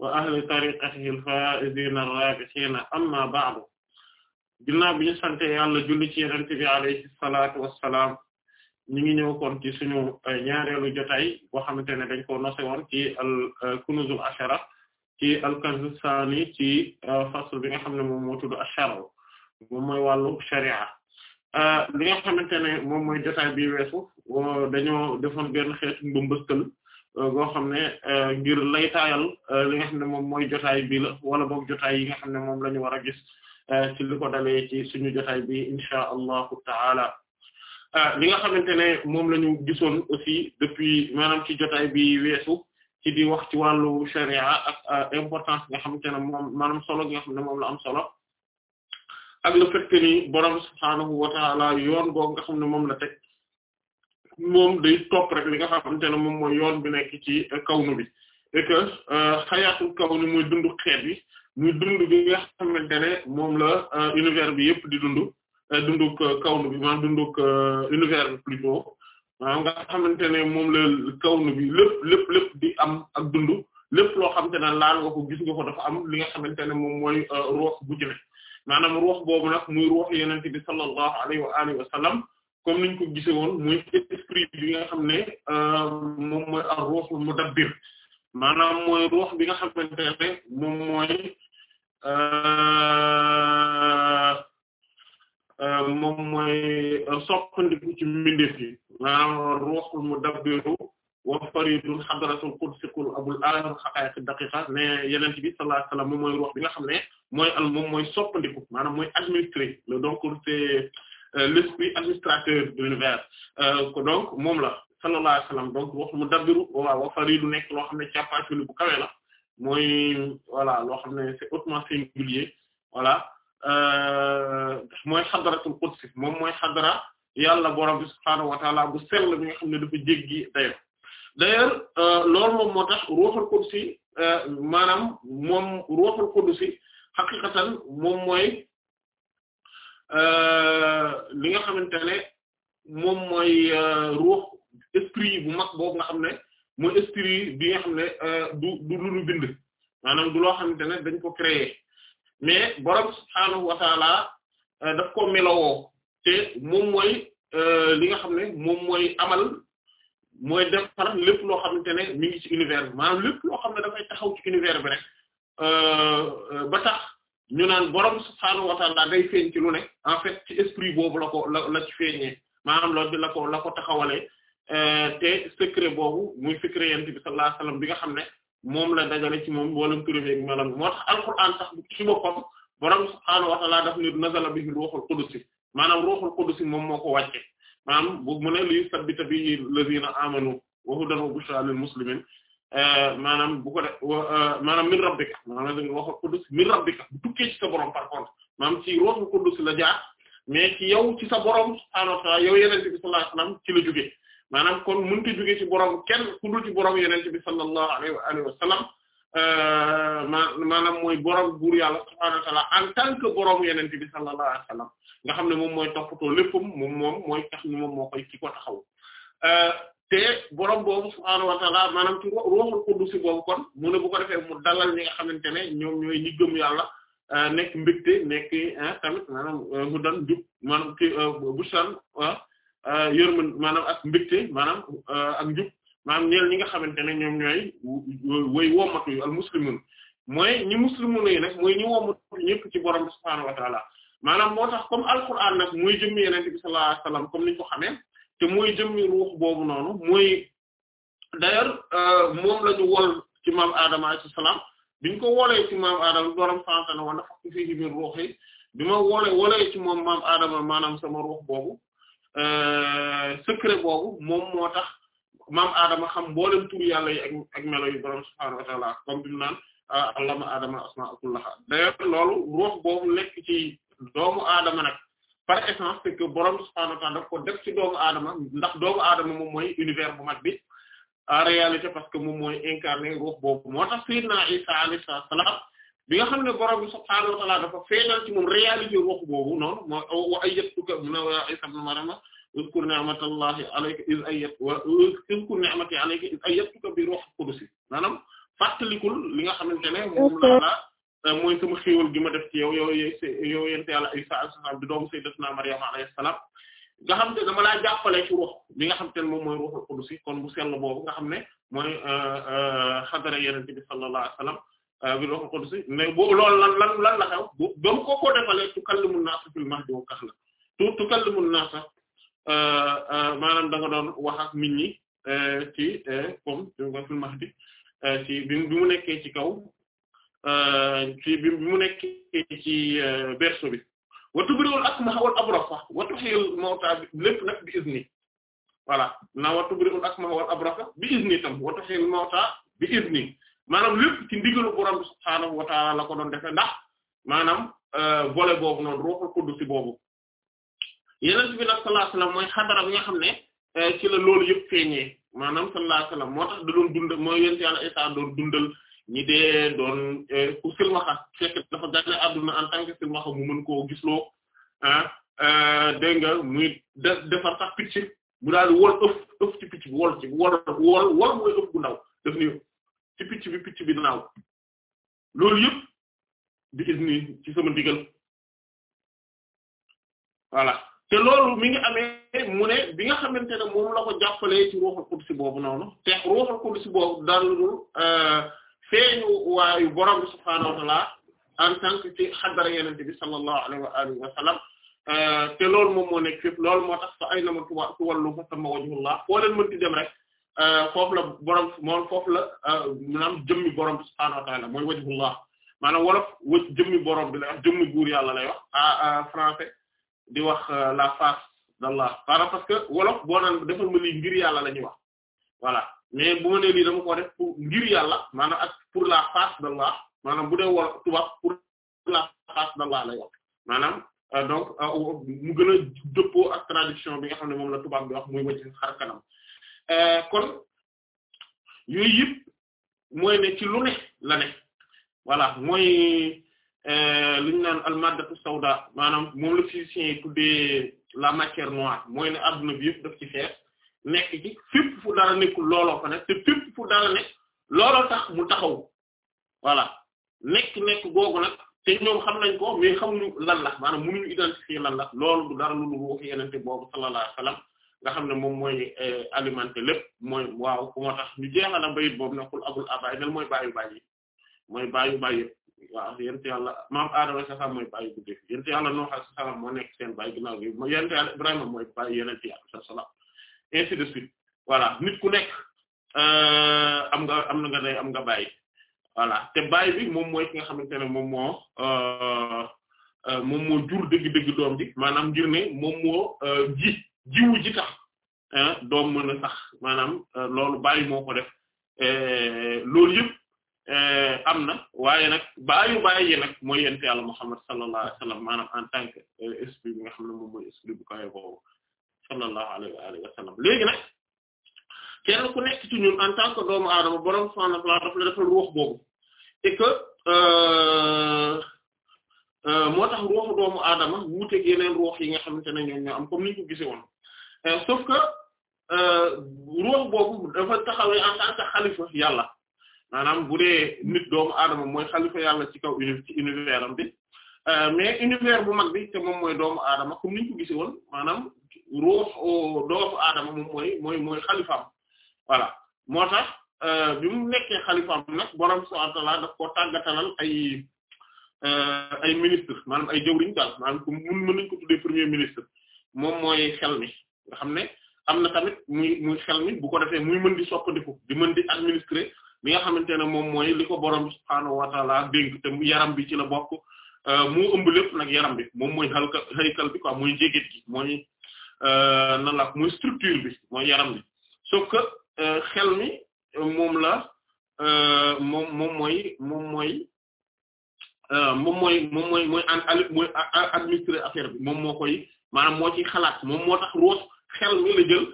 wa ahli tariqatihi al-faa'iziina ar-raabihiina amma ba'du ginnaaw bi ñu sante yàlla julli ci yonent bi alayhi salaatu wassalaam ñu ngi ñëw kon ci suñu ñaareelu jotaay boo xamante ne dañ ko nose woon ci al euh, kunuzul ashara ci al ci euh, fasl bi nga xam ne moom moo tudd ashara moom mooy euh, jotaay bi weesu dañoo defoon benn xeetu mbëmbëstal goo xam ne euh, ngir laytaayal euh, li nga xam ne moom mooy jotaay bi la wala boog jotaay yi nga xam ne moom la ñu war a gis euh, ci li ko dalee ci suñu jotaay bi inchaa allahu taala li nga xamante ne moom la ñu gisoon aussi depuis maanaam ci jotaay bi weesu ci di wax ci wàllu sharia ak importance nga xamante ne moom maanaam solo nga xam ne moom la am solo ak le fait que ni wa taala yoon boobu nga xam ne moom la teg moom day topp rek li nga xamante ne moom mooy yoon bi nekk ci kawnu bi et que euh, xayaatul kawnu muy dund xeet bi muy dund bi nga xamante ne moom la euh, univers bi yëpp di dund euh, dundug kawnu bi maanaam dundug univers bi nga xamante ne moom la kawnu bi lépp lépp di am ak dundu lépp loo xamante ne laal nga ko gis nga ko dafa am li nga xamante ne moom mooy ruux bu ci ne maanaam ruux boobu nag muy ruux yenente bi sallallahu alayhi wa alihi wa sallam comme niñ ko gise muy esprit bi nga xam ne euh, moom mooy ar-ruhul mudabbir maanaam mooy ruux bi nga xam ne moom mooy euh, euh, moom mooy soppandiku ci mbindeef yi maanaam ar-ruhul mudabbiru wa faridul hadratul qudsi qul abul alam haqa'iq daqiqa ne yeneen bi sallallahu alayhi moom mooy ruux bi nga xam ne mooy al moom mooy soppandiku maanaam mooy administré le donc c'est Euh, l'esprit administrateur de euh, donc moom la sallallahu alayhi wa sallam donc wax mu dabbiru waaw wa faridu nekk loo xam ne càppaaculi bu kawe la mooy voilà loo xam ne c'est hautement singulier voilà euh, mooy moom mooy xadara yàlla borom bi subhaanahu wa bu sell bi xam ne dafa jéggi dayo d'ailleurs loolu moom moo tax ruuxul qudsi maanaam moom ruuxul qudsi xaqiqatan moom mooy Euh, li nga xamante ne moom mooy euh, ruux esprit bu mag boobu nga xam ne mooy esprit bi nga xam ne euh, du du lu bind maanaam du loo xamante ne dañ ko créer mais borom subhaanahu wa taala daf ko melowoo te moom mooy li nga xam ne moom mooy amal mooy defar lépp loo xamante ne mi univers bi maanaam lépp loo xam ne dafay taxaw ci univers bi rek ba tax ñu naan borom subhaanahu wa taala day feeñ ci en fait ci esprit boobu la ko la la ci feeñee maanaam la ko la ko taxawalee euh, te secret boobu muy secret yent bi sallallahu bi nga xam ne moom la dajale ci moom wala turé ak maanaam moo tax alquran sax ci boppam borom subhaanahu wa taala daf ne nazala bihi ruuhul qudus maanaam ruuhul qudus moom moo ko wàcce maanaam bu mu ne li a bihi lazina amanu wa hudan wa bushra muslimin Euh, maanaam bu ko euh, maanaam min rabbika maanaam da nga wax qudus min rabbika bu tukkee ci sa borom par contre maanaam ci ruuhu qudus la jaar mais ci yow ci sa borom subhaanahu wa ta'aala yow yonent bi sallallahu alayhi wa sallam ci la maanaam a jóge euh, maanaam mooy borom buur yàlla subhaanahu wa ta'aala en tant borom yonent bi sallallahu alayhi wa nga xam ne moom mooy toppatoo léppam moom moom mooy tax moom moo koy ki ko taxaw te borom boobu subhaanahu wa ta'ala maanaam ci ruuhul qudus boobu kon mu ne bu ko defee mu dalal ñi nga xamante ne ñoom ñooy ñi gëm yàlla euh, nekk mbégte nekk maanaam euh, mu dan jub maanaam ki euh, bushan yërmën maanaam ak mbégte maanaam ak njub ñi nga xamante ne ñoom ñooy way wommatu yu al muslimun mooy ñi muslimun mooy ñi wommatu ñëpp ci borom subhaanahu wa ta'ala maanaam moo tax comme alquran nag muy jëmmi yeneen bi sallallahu alayhi ko xamee te mooy jëmmi ruux boobu noonu muy d'ailleurs euh, moom la wol ci maam Adama alayhi salaam biñ ko wolee ci maam Adama borom sant na wala bi ma wolee wolee ci moom maam Adama maanaam sama ruux boobu euh, secret boobu moom moo tax maam Adama xam mboolem tur yàlla yi ak ak melo yu borom subhaanahu wa ta'aala naan allama Adama asmaa kullaha d'ailleurs loolu ruux boobu nekk ci doomu Adama nag. par essence c'est que borom subhaanahu wa ta'aala daf ko def ci doomu aadama ndax doomu aadama moom mooy univers bu mag bi en réalité parce que moom mooy incarné ruux boobu moo tax sayyidina Isa alayhi salaam bi nga xam ne borom bi subhaanahu wa ta'aala dafa feeñal ci moom réalité ruux boobu noonu moo wa ayyadtuka min Isa ibn Maryam uzkur ni'matallahi alayka iz ayyat wa uzkur ni'mati alayka iz ayyatuka bi ruuhil qudus maanaam fàttalikul li nga xamante ne moom laa la Euh, mooy sama xéewal gi ma def ci yow yow yow yente yàlla Isa alayhi salaam di doomu sayyidatuna Maryam nga xam te ci ruux bi nga xam te ne moom mooy ruuxul qudus kon bu sell boobu nga xam ne mooy euh, euh, xadara yonent bi sallallahu alayhi wasallam bi ruuxul qudus mais boobu loolu lan lan lan la xew bu ba mu ko koo defalee tukallimun naasa fil mahdi wa kahlan tu maanaam da doon wax ak nit ñi ci comme fil mahdi ci bi bi mu nekkee ci kaw Euh, ci bi mu nekk ci euh, berceau bi wa tubri'ul akmaha wal abrasa wa tuhyil mawta lépp nag bi izni voilà na wa tubri'ul akmaha wal abrasa bi izni tam wa tuhyil mawta bi izni maanaam lépp ci ndigalu borom subhaanahu wa ta'aala la ko doon defee ndax maanaam euh, volet boobu noonu boobu yeneen bi nag sallallahu alayhi mooy xadara bi ne ci la loolu yëpp feeñee maanaam sallallahu alayhi wasallam moo tax da dundal mooy yent yàlla Isaa doon dundal ñi dee doon euh, ku silmaxa fekk dafa gane adduna en tant silmaxa mu mën koo gisloo ah euh, dégg muy defar sax picc mu daal wol ëf ëf ci picc bi wol ci wol wol mooy ëf bu ndaw def ni ci sama ndigal voilà te loolu mi ngi amee mu ne bi nga xamante ne moom la ko jàppalee ci ruuxul qudsi boobu noonu te ruuxul qudsi boobu daal euh, feeñu waayu borom bi subhaanahu wa ta'ala en tant que ci bi sallallahu alayhi wa alihi wa sallam euh, te loolu moo nekk fépp loolu moo tax fa ay na ma tuwa tu wallu fa sama wajhullah foo leen dem rek euh, foofu la borom moom foofu la euh, maanaam jëmmi borom bi subhaanahu wa ta'ala mooy wajhullah maanaam wolof wëc jëmmi borom bi lay wax jëmmi yàlla lay a français di wax la face d'Allah parce que wolof boo naan defal ma lii ngir yàlla la ñuy wax voilà mais bu ma nee lii dama ko def ngir yàlla maanaam ak pour la face d'Allah maanaam bu dee wala tubaab pour la face d'Allah lay wax maanaam euh, donc euh, mu gën a ak traduction bi nga xam ne moom la tubaab bi wax muy wacc xar euh, kon yooyu yëpp mooy ci lu ne la ne voilà mooy li ñu naan al maddatu sawda maanaam moom la physiciens yi tuddee la matière noire mooy ne bi yëpp daf ci fees nekk ci fépp fu dara looloo fa nekk te tax mu taxaw voilà nekk nekk googu nag te ñoom xam nañ ko mais xamuñu lan la maanaam mënuñu identifier lan la lool du dara lu lu wax yenente boobu sallallahu alayhi wasallam nga xam ne moom mooy euh, alimenter lépp mooy waaw ku moo tax ñu jeexala bayit boobu ne xul abul abay nel mooy bàyyu bàyyi mooy bàyyu bàyyi waaw yent yàlla maam aadama sa sam mooy bàyyi bu def yent yàlla nooxa sa salam moo nekk seen na ginnaaw gi yent yàlla ibrahima mooy bàyyi yenent yàlla sa ainsi de voilà nit ku nekk euh, am nga am na nga ne am nga bàyyi voilà te bàyyi bi moom mooy ki nga xamante ne moom moo euh, euh, moom moo jur dëgg-dëgg doom ji maanaam ngir ne moom mo ji jiwu ji tax doom mën a sax maanaam loolu bàyyi moo ko def loolu yëpp am na waaye nag baayu bàyyi nag mooy yent yàlla Muhammad sallallahu alayhi wasallam maanaam en tant que esprit bi nga xam ne moom mooy esprit bu sallallahu alayhi wa alihi léegi nag kenn ku ñun en tant que doomu aadama borom a wa ta'ala daf la defal ruux boobu et euh, euh, moo tax ruuxu doomu aadama wuuteeg yeneen ruux yi nga xamante ne ñoom ñoo am comme ni ñu ko gisee woon euh, sauf que ruux boobu dafa bu dee nit doomu aadama mooy xalifa yàlla ci kaw uni ci univers bi mais univers bu mag bi te moom mooy doomu aadama comme ni ñu ko gisee woon maanaam ruux doofu aadama moom mooy mooy mooy xalifaam voilà moo tax euh, bi mu nekkee xalifaam nag borom subhaanahu wa ta'aala daf koo tàggatalal ay euh, ay ministre maanaam ay jëwriñ daal maanaam ku mun mën nañu ko tuddee premier mooy xel nga xam ne am na tamit muy bu ko defee muy mën di soppandiku di mën di administrer li nga xamante ne moom mooy li ko borom subhaanahu wa ta'aala te yaram bi ci la bokk euh, moo ëmb lépp nag yaram bi moom mooy xalka xaykal bi quoi mooy jégit gi Euh, nan la mooy structure bi mooy yaram bi sauf que euh, xel mi euh, moom la moom moom mooy moom mooy moom mooy moom mooy mooy a mooy administré affaire bi moom moo koy maanaam moo ci xalaat moom moo tax ruux xel mi la jël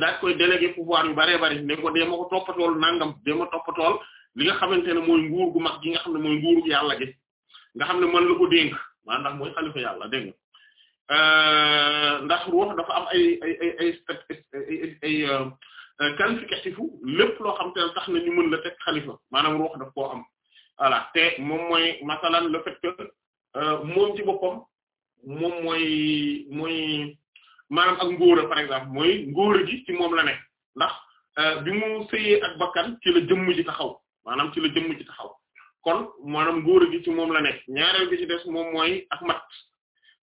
daaj koy délégué pouvoir yu baree bari ne ko dee ko toppatool nangam dee toppatool li nga xamante ne mooy nguur gu mag gi nga xam ne mooy nguuru yàlla gi nga xam ne man la ko dénk maanaam mooy xalifa yàlla dégg Euh, ndax ruux dafa am ay ay ay ay euh, qualificatifu lépp loo xam te tax na ñu mën la teg xalifa maanaam ruux daf koo am voilà te moom mooy masalan la fait que euh, moom ci boppam moom mooy mooy maanaam ak ngóora par exemple mooy ngóora gi ci moom la nekk ndax bi mu sëyee ak bakkan ci la jëmm ji taxaw maanaam ci la jëmm ji taxaw kon maanaam ngóora gi ci moom la nekk ñaareel gi ci des mooy ak mat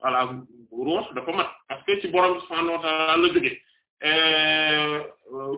voilà ruux dafa mat parce que ci borom bi subhaanahu wa ta'aala la jóge euh,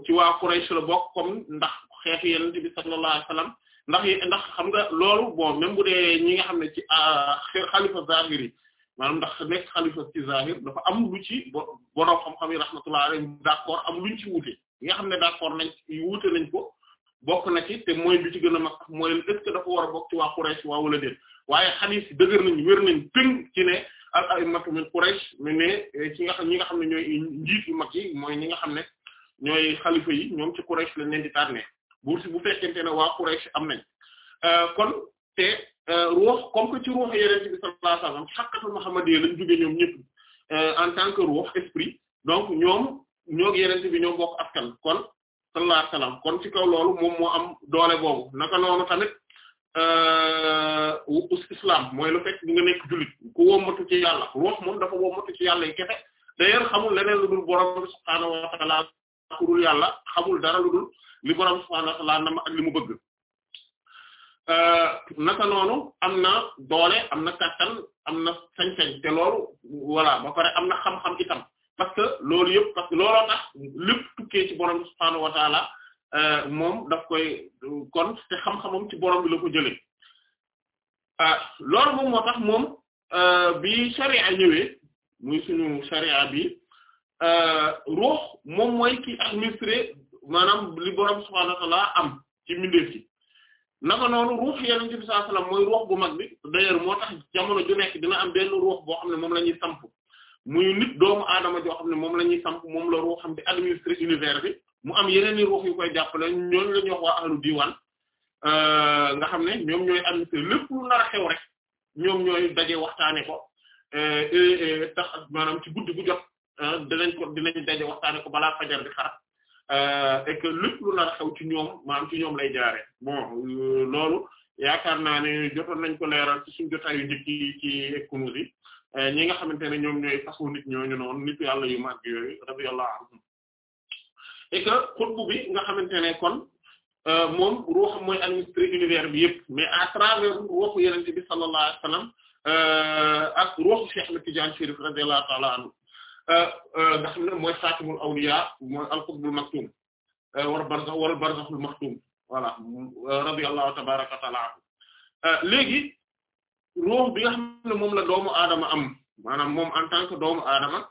ci waa Quraysh la bokk comme ndax xeetu yonent bi sallallahu alayhi wa sallam ndax ndax xam nga loolu bon même bu dee ñi nga xam ne ci a ah, xalifa zahir yi maanaam ndax nekk xalifa ci zahir dafa am lu ci borom xam-xam yi rahmatullahi alayhim d'accord am luñ ñi nga xam ne d'accord nañ wuute nañ ko bokk na ci te mooy bi ci gën a mag sax mooy dafa war a bokk ci waa Quraysh waa wala déet waaye xadiis dëgër nañ wér nañ tënk ci ne al a'immatu min Quraysh mu ne eh, ci nga xam ñi nga xam ne ñooy njiit yu mag yi mooy ñi nga xam ne ñooy xalifa yi ñoom ci Quraysh lañ leen di tànnee bu bu fekkente ne waa Quraysh am nañ eh, kon te eh, ruux comme que ci ruux yeneen bi sallallahu alayhi wasallam xaqatul muhammadiyya lañ jóge ñoom ñëpp en tant que ruux esprit donc ñoom ñoo yeneen bi ñoo bokk askan kon sallallahu alayhi wasallam kon ci kaw loolu moom moo am doole boobu naka noonu tamit. Euh, us islam mooy lu fekk nga nekk jullit ku wommatu ci yàlla ruux moom dafa wommatu ci yàlla yi kese d'ailleurs xamul leneen lu dul borom subhaanahu wa ta'ala ku dul yàlla xamul li borom subhaanahu nam mu bëgg euh, naka noonu am na doole am na kàttan am na sañ-sañ te loolu voilà ba pare am na xam-xam itam parce loolu yëpp parce looloo tax lépp tukkee borom subhaanahu wa Euh, moom daf koy kon te xam-xamam ci borom bi la ko jëlee ah, loolu moom moo tax moom euh, bi sharia ñëwee muy suñu sharia bi euh, ruux moom mooy ki administré maanaam li borom subhaanahu wa ta'aala am ci mbindeef ci naka noonu ruux yonent bi sallallahu alayhi mooy ruux bu mag bi d'ailleurs moo tax jamono ju nekk dina am benn ruux boo xam ne moom la ñuy samp muy doomu aadama joo xam ne moom la ñuy samp moom la ruuxam di bi. mu am yeneen i ruux yu koy jàppale ñooñu la ñuy wax waa ahlu euh, nga xam ne ñoom ñooy administré lépp lu nar a xew rek ñoom ñooy daje waxtaane ko euh, tax maanaam ci guddi gu jot euh, dinañ ko dinañ daje waxtaane ko balaa fajar di xar et que lépp nar a xew ci ñoom maanaam ci ñoom lay jaare bon loolu yaakaar naa ne jotoon nañ ko leeral ci suñu jotaayu njëkk yi ci ñi nga xamante ne ñoom ñooy façon nit ñooñu noonu nit yàlla yu mag yooyu et bi nga xamante ne kon euh, moom ruuxam mooy administrer univers bi yëpp mais à travers ruuxu yenente bi sallallahu alayhi wasallam euh, ak ruuxu Cheikh Ahmed Tidiane Chérif euh, nga xam ne mooy xaatimul awliya mooy al-qutbul maktum wal barzax wal barzaxul wa ta'ala anhu léegi ruux bi nga moom la doomu aadama am maanaam moom en tant que doomu aadama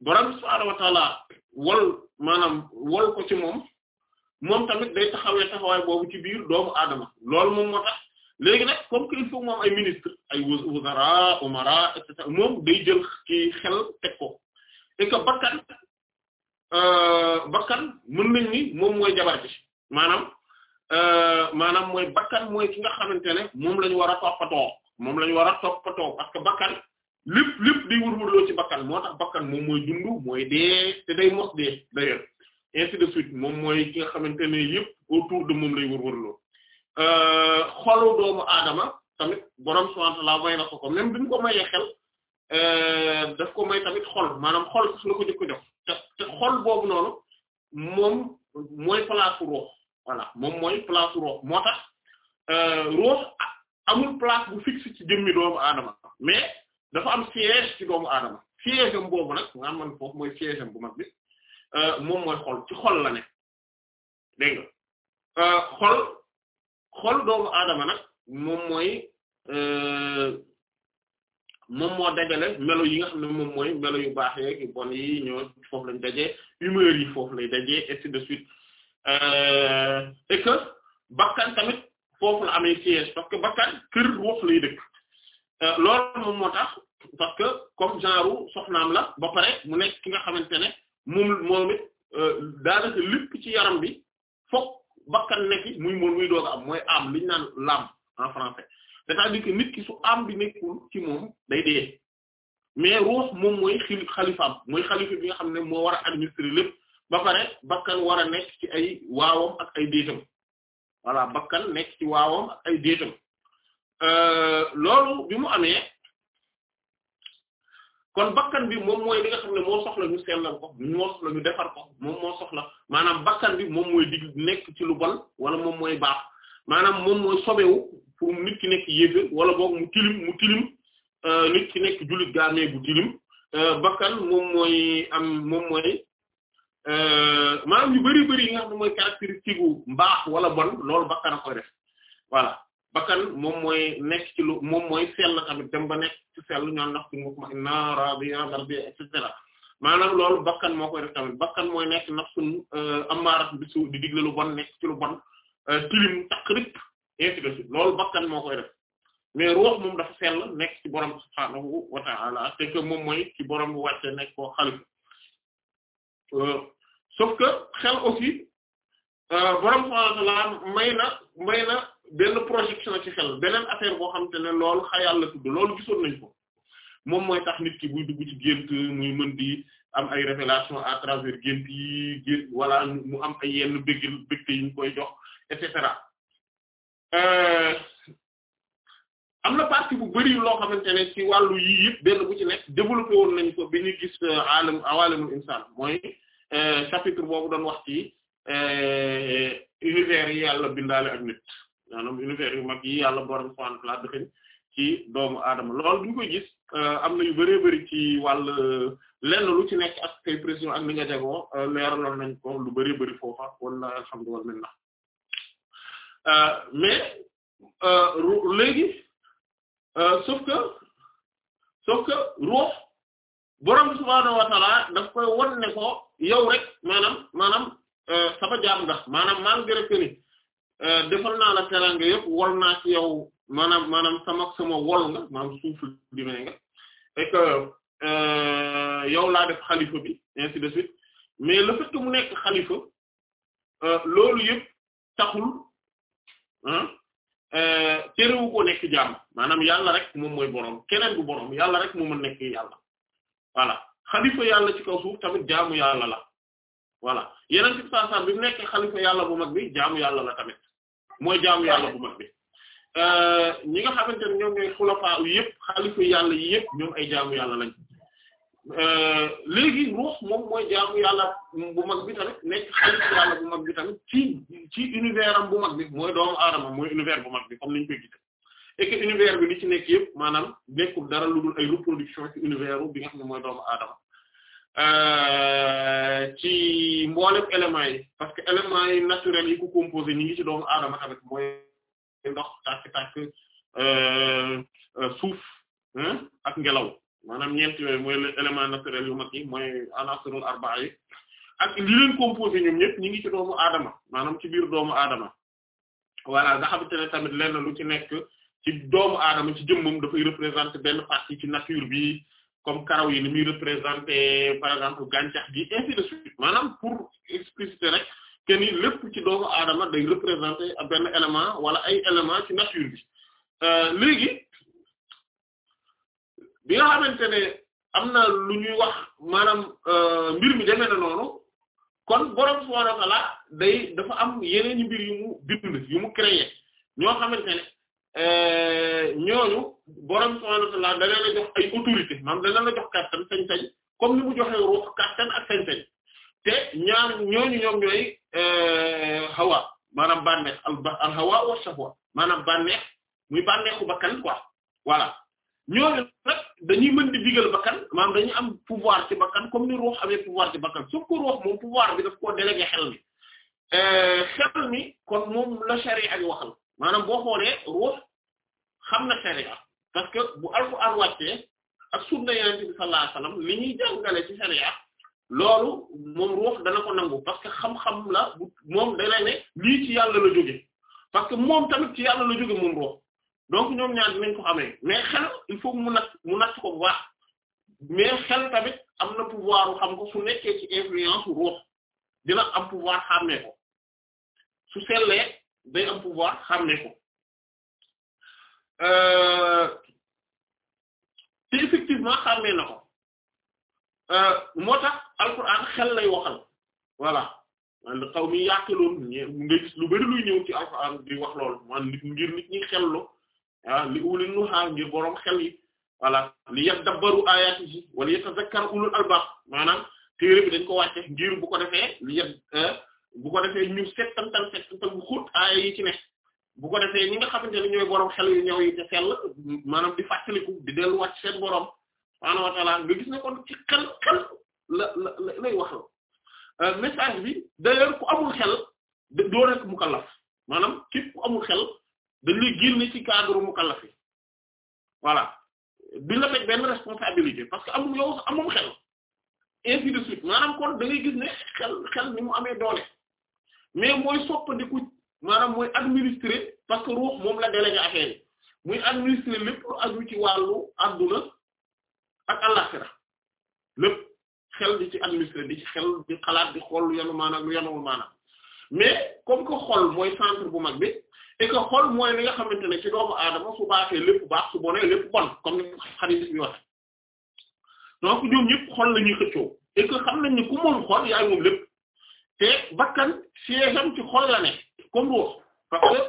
borom subhaanahu wa wol maanaam wol ko ci moom moom tamit day taxawee taxawaay boobu ci biir doomu aadama loolu moom moo tax léegi nag comme que il faut moom ay ministre ay wuzara umara et cetera moom day jël ci xel teg ko et que bakkan euh, bakkan mën nañ ni moom mooy jabar ci euh, maanaam mooy bakkan mooy ki nga xamante ne moom la ñu war a toppatoo moom la ñu war a toppatoo parce que bakkan lépp lépp day wër ci bakkan moo tax bakkan moom mooy dund mooy dee te day mos dee d'ailleurs ainsi de suite moom mooy ki nga xamante ne yëpp autour de moom lay wër-wërloo euh, xolu doomu aadama tamit borom subhanahu wa ta'ala may na ko ko bi mu ko mayee xel euh, daf ko may tamit xol maanaam xol su la ko jëkk jox te xol boobu noonu moom mooy place ruux voilà moom mooy place ruux moo tax euh, ruux amul place bu fixe ci jëmmi doomu aadama mais. dafa am siège ci doomu aadama siège am boobu nag nga man foofu mooy siège am bu mag bi euh, moom mooy xol ci xol la ne dégg euh, xol xol doomu aadama nag moom mooy euh, moom moo dajale melo yi nga xam ne moom mooy melo yu baax yeeg yu bon yi ñoo foofu lañ dajee humeur yi lay dajee et de suite et que bakkan tamit foofu la amee siège parce que bakkan kër ruux lay dëkk Euh, loolu moom moo tax parce que comme genre soxnaam la ba pare mu nekk ki nga xamante ne moom moom it euh, daanaka lépp ci yaram bi fokk bakkan nekki muy moom muy doog a am mooy am li naan l'âme en français cest à nit ki su am bi nekkul ci moom day dee mais ruux moom mooy xalifaam mooy xalifa bi nga xam ne moo war a administrer lépp ba pare bakkan war a nekk ci ay waawam ak ay déetam voilà bakkan nekk ci waawam ak ay déetam Euh, loolu bi mu amee kon bakkan bi moom mooy moo soxla ko moo soxla defar ko moom moo soxla maanaam bakkan bi moom mooy digg nekk ci lu bal wala moom mooy baax maanaam moom mooy sobewu pour nit ki nekk yéefér wala boog mu tilim mu tilim euh, nit ki nekk jullit gaamee bu tilim euh, bakkan moom mooy am moom mooy maanaam yu bari bari nga xam ne mooy caractéristique mbaax wala bon loolu bakkan a koy def voilà bakkan moom mooy nekk ci moom mooy sell tamit dem ba nekk ci sell ñoon ndax ci mutma'inna radiya mardiya et cetera maanaam loolu bakkan moo koy def tamit bakkan mooy nekk nafsun euh, ammaara bisu di digle lu bon nekk ci lu bon euh, tilim taq rip ainsi de loolu bakkan moo koy def mais ruux moom dafa sell nekk ci borom subhaanahu wa ta'ala te que moom mooy ci borom bu nekk koo xalifa euh, sauf que xel aussi borom subhaanahu wa ta'ala may benn projection ci xel beneen affaire boo xam te ne lool xayal yàlla tudd loolu gisoon nañ ko moom mooy tax nit ki buy dugg ci gént muy mën di am ay révélation à travers gént yi gént wala mu am ay yenn bëgg bëgg yi ñu koy jox et cetera euh, am na partie bu bari loo xamante ne ci wàllu yii yëpp benn bu ci nekk développé woon nañ ko bi ñu gis euh, alam awalamul mooy euh, chapitre boobu doon wax ci univers yi yàlla bindaale ak nit maanaam univers yu mag yi yàlla borom subhanahu wa ta'ala dëxëñ ci doomu aadama loolu duñu koy gis euh, am na yu bëree bëri ci wàll lenn lu ci nekk ak kay précision ak ni nga jagoo euh, leeraloon nañ ko lu bëree bëri foofa wala alhamdulillah mel na euh, mais léegi sauf que sauf que ruux borom subhaanahu wa daf koy won ne ko yow rek maanaam maanaam sama jaam nga maanaam malgré que ni Euh, defal naa la teraanga yëpp wol naa ci yow maanaam maanaam sama sama wol nga maanaam suuf di nga et euh, yow laa def xalifa bi ainsi de suite mais le fait mu nekk xalifa euh, loolu yëpp taxul terewu ko nekk jàmm maanaam yàlla rek moom mooy boroom keneen du boroom yàlla rek moo mën nekk yàlla voilà xalifa yàlla ci kaw suuf tamit jaamu yàlla la voilà yeneen ci saa bi mu nekk xalifa yàlla bu mag bi jaamu yàlla la tamit mooy jaamu yàlla bu mat bi euh, ñi nga xamante ne ñoom ñooy yëpp xalifa yàlla yi yëpp ñoom ay jaamu yàlla lañ euh, léegi ruux moom mooy jaamu yàlla bu mag bi tamit nekk xalifa yàlla bu mag bi tamit ci ci univers am bu mag bi mooy doomu aadama mooy univers bu mag bi comme niñ koy gis et que univers bi li ci nekk yëpp maanaam nekkul dara lu dul ay reproduction ci univers bi nga xam ne mooy doomu aadama Euh, ci mboolem éléments yi parce que éléments yi naturels yi ko composé ñi ngi ci doomu aadama tamit mooy ndox tàkk-tàkk euh, euh, suuf ak ngelaw maanaam ñeent yooyu mooy élément naturel yu mag yi mooy anasirul arbaa yi ak li leen composé ñoom ñi ngi ci doomu aadama maanaam ci biir doomu aadama voilà nga xamante ne tamit lenn lu ci nekk ci doomu aadama ci jëmmam dafay représenter benn partie ci nature bi comme karaw yi ni muy représenter par exemple gàncax gi ainsi de maanaam pour expliciter rek que ni lépp ci doomu aadama day représenter benn élément wala ay élément ci nature bi euh, léegi bi nga xamante ne lu ñuy wax maanaam euh, mbir mi demee na noonu kon borom subhaanahu wa ta'aala day dafa am yeneen yi mbir yu mu bind mu créer ñoo xamante ne. Euh, ñooñu borom subhaanahu wa ta'aala dana la jox ay autorité maanaam dana la jox kàttan sañ-sañ comme ni ak sañ-sañ te ñaar ñooñu ñoom ñooy euh, hawa maanaam bànneex al hawa wa shahwa maanaam bànneex muy bànneexu bakkan quoi voilà ñooñu nag dañuy mën di digal bakan maanaam dañuy am pouvoir ci bakkan comme ni ruux amee pouvoir ci bakkan sauf que ruux moom pouvoir bi daf koo délégué xel mi euh, xel mi kon moom la charia ak waxal. maanaam boo xoolee ruux xam na sharia parce que bu alxuraan wàccee ak sunna yonent bi sallallahu alayhi wasallam li ñuy jàngale ci sharia loolu moom ruux dana ko nangu parce que xam-xam la moom dana ne lii ci yàlla la jóge parce que moom tamit ci yàlla la jóge moom ruux donc ñoom ñaar dinañ ko xamee mais xel il faut mu natt mu natt ko bu mais xel tamit am na pouvoir xam ko su nekkee ci influence ruux dina am pouvoir xàmmee ko su sellee day am pouvoir xàmme ko euh, te effectivement xàmme na ko euh, moo tax alquran xel lay waxal voilà man xaw mi yàqaloon nga gis lu bari luy ñëw ci alquran di wax lool man nit ngir nit ñi xellu ah li uli nuha ngir boroom xel yi voilà li yadabbaru ayatihi wala yatazakkaru ulul albab maanaam téere bi dañ ko wàcce ngir bu ko defee li yad euh, bu ko defee ñu bu xóot yi nga xamante ne ñooy borom xel yu ñëw yi te sell maanaam di fàttaliku di delluwaat seen borom subhaanahu wa euh, maanaam képp ku amul xel dañ lay génne ci cadre mukallaf yi voilà bi la fekk benn responsabilité parce que amul yow amul xel ainsi de suite maanaam kon da gis ne xel xel ni mu amee doole. mais mooy soppandiku maanaam mooy administrer parce que ruux moom la délégué affaire yi muy administrer lépp lu aju ci wàllu adduna ak àllaxira lépp xel di ci administrer di ci xel di xalaat di xool lu yanu maanaam lu yanuwul maanaam mais comme que xol mooy centre bu mag bi et xool mooy li nga xamante ne ci doomu aadama su baaxee lépp baax su bonee lépp bon comme ni xarit bi wax donc ñoom ñëpp xol la xëccoo et xam nañ ku moom xol yaay moom lépp te bakkan siège ci xol la ne parce que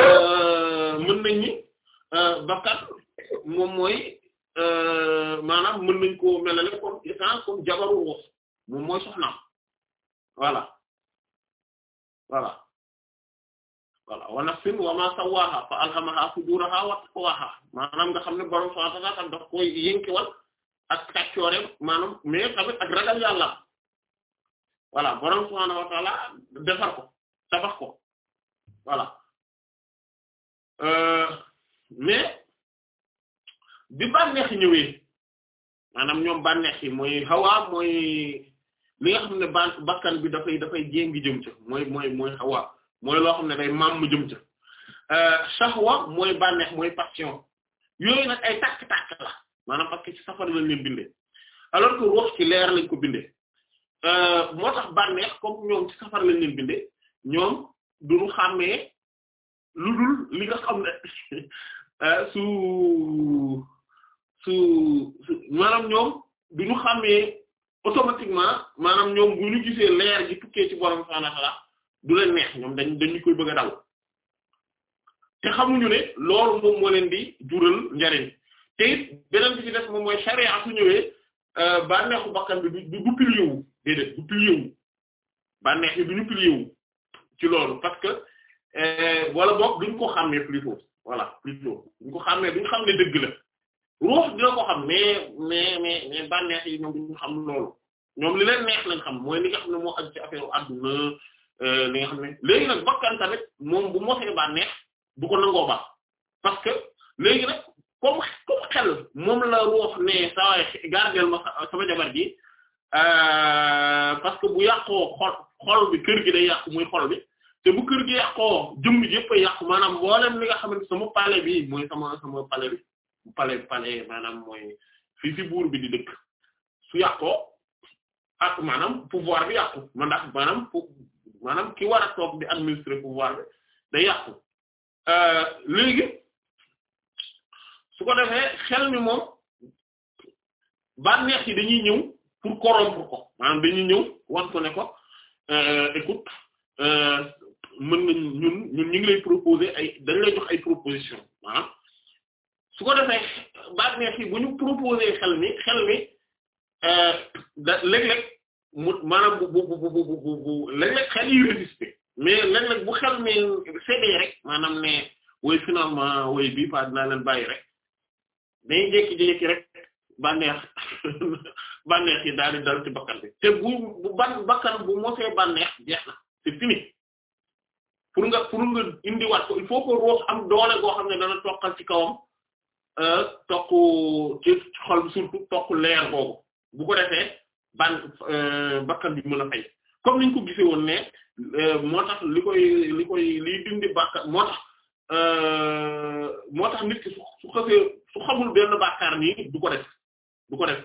euh, mën nañ ni euh, bakkan moom mooy euh, maanaam mën nañ koo melale comme essence comme jabaru ruux moom mooy soxnaam voilà voilà voilà wa nafsin wa ma sawwaha fa alhamaha fujuraha wa nga xam ne borom soo ko daf koy yënkiwal ak kàccooreem maanaam mais tamit ak ragal yàlla. voilà borom subhaanahu wa ta'ala defar ko tabax ko voilà euh, mais bi bànneex ñëwee maanaam ñoom bànneex yi mooy xawaa mooy li nga xam ne ban bakkan bi dafay dafay jéngi jëm ca mooy mooy mooy xawaa mooy loo xam ne day maam mu jëm ca euh, shahwa mooy bànneex mooy passion yooyu nag ay tàkk-tàkk la maanaam parce ci safara lañ bindee alors que ruux ci leer lañ ko bindee Euh, moo tax bànneex comme ñoom ci safar lañ leen bindee ñoom duñu xàmmee lu dul li nga xam ne euh, su su su maanaam ñoom duñu xàmmee automatiquement maanaam ñoom bu ñu gisee leer gi tukkee ci borom subhaanahu wa ta'aala du leen neex ñoom dañ dañu koy bëgg a dal te xamuñu ne loolu moom moo leen di jural njariñ te beneen bi ci def moom mooy charia su ñëwee euh, bànneexu bakkan bi du du pilier déedéet bu plié wu bànneex yi duñu plié ci loolu parce que euh, wala boog duñ ko xàmmee plutôt voilà plutôt duñ ko xàmmee duñ xam ne dëgg la ruux dina ko xam mais mais mais mais bànneex yi ñoom duñu xam loolu ñoom li leen neex lañ xam mooy li nga xam ne moo aju ci affaire àdduna euh, li léegi nag bakkan tamit moom bu mosee bànneex du ko nangoo baax parce que léegi nag comme comme xel moom la ruux ne saa gardel ma sama jabar ji Euh, parce que bu yàqoo xol xol bi kër gi day yàqu muy xol bi te bu kër gi yàqoo jëmm yëpp a yàqu maanaam mboolem li nga xamante sama palais bi mooy sama sama palais bi maanaam mooy fii fi buur bi di dëkk su yàqoo ak maanaam pouvoir bi yàqu ma ndax maanaam pour maanaam ki war toog di administrer pouvoir bi day yàqu euh, léegi su ko defee xel mi moom bànneex yi dañuy ñëw. pour corrompre ko maanaam dañuy ñëw wan ko ne ko euh, écoute euh, mën nañ ñun ñun ñu ngi lay proposer ay dañ lay jox ay proposition maanaam ah. su ko defee baat neex yi bu ñu proposer xel mi xel mi euh, da léeg-léeg mu maanaam bu bu bu bu bu bu léeg-léeg xel yi résister mais léeg-léeg bu xel mi séddee rek maanaam ne woy finalement woy bii pas dinaa leen bàyyi rek day jékki-jékki rek bànneex bànneex yi daal di dal ci bakkan bi te bu bu ban bakkan bu mosee bànneex jeex na c'est fini pour nga pour nga indiwaat ko il faut am doole goo xam ne dana toqal ci kawam euh, toq ci xol bi surtout toq leer boobu bu ko defee ban euh, bakkan bi mën a fay comme niñ ko gisee woon ne euh, moo tax li koy li koy liy indi bàkkaar moo tax moo tax nit su xamul benn bàkkaar nii du ko def du ko def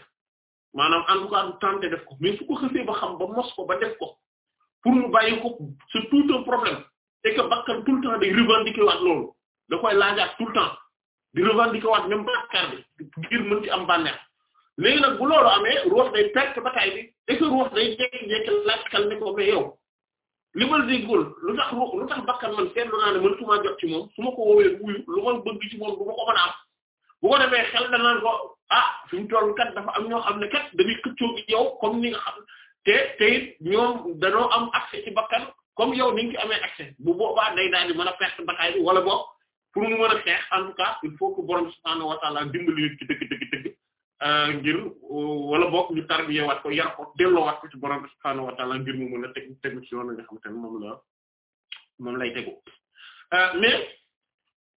maanaam en tout cas du tenter def ko mais su ko xësee ba xam ba mos ko ba def ko pour mu bàyyi ko c'est tout un problème et que bakkan tout le temps day revendiquer waat loolu da koy laajaat tout le temps di revendiquer waat même bakkaar bi ngir mën am bànneex léegi nag bu loolu amee ruux day perte bataay bi et que day jékki-jékki laajkal ne ko mais yow li ma déggul lu tax ruux lu tax bakkan man seetlu naa ne mënatuma jot ci moom su ma ko woowee wuyu lu ma bëgg ci moom bu ko defee xel danaan ko ah fi mu toll kat dafa am ñoo xam ne kat dañuy xëccoo gi yow comme ni xam te te ñoom danoo am accès ci bakkan comme yow ni nga amee accès bu boobaa day daal di mën a perte wala boog pour mu mën a xeex en tout cas il faut que borom subhaanahu wa ta'ala ci dëgg dëgg euh, euh, wala boog ñu tarbiyewaat ko yar ko delloowaat ko ci borom subhaanahu wa ta'ala ngir mu mën a teg moom la tegu euh, mais.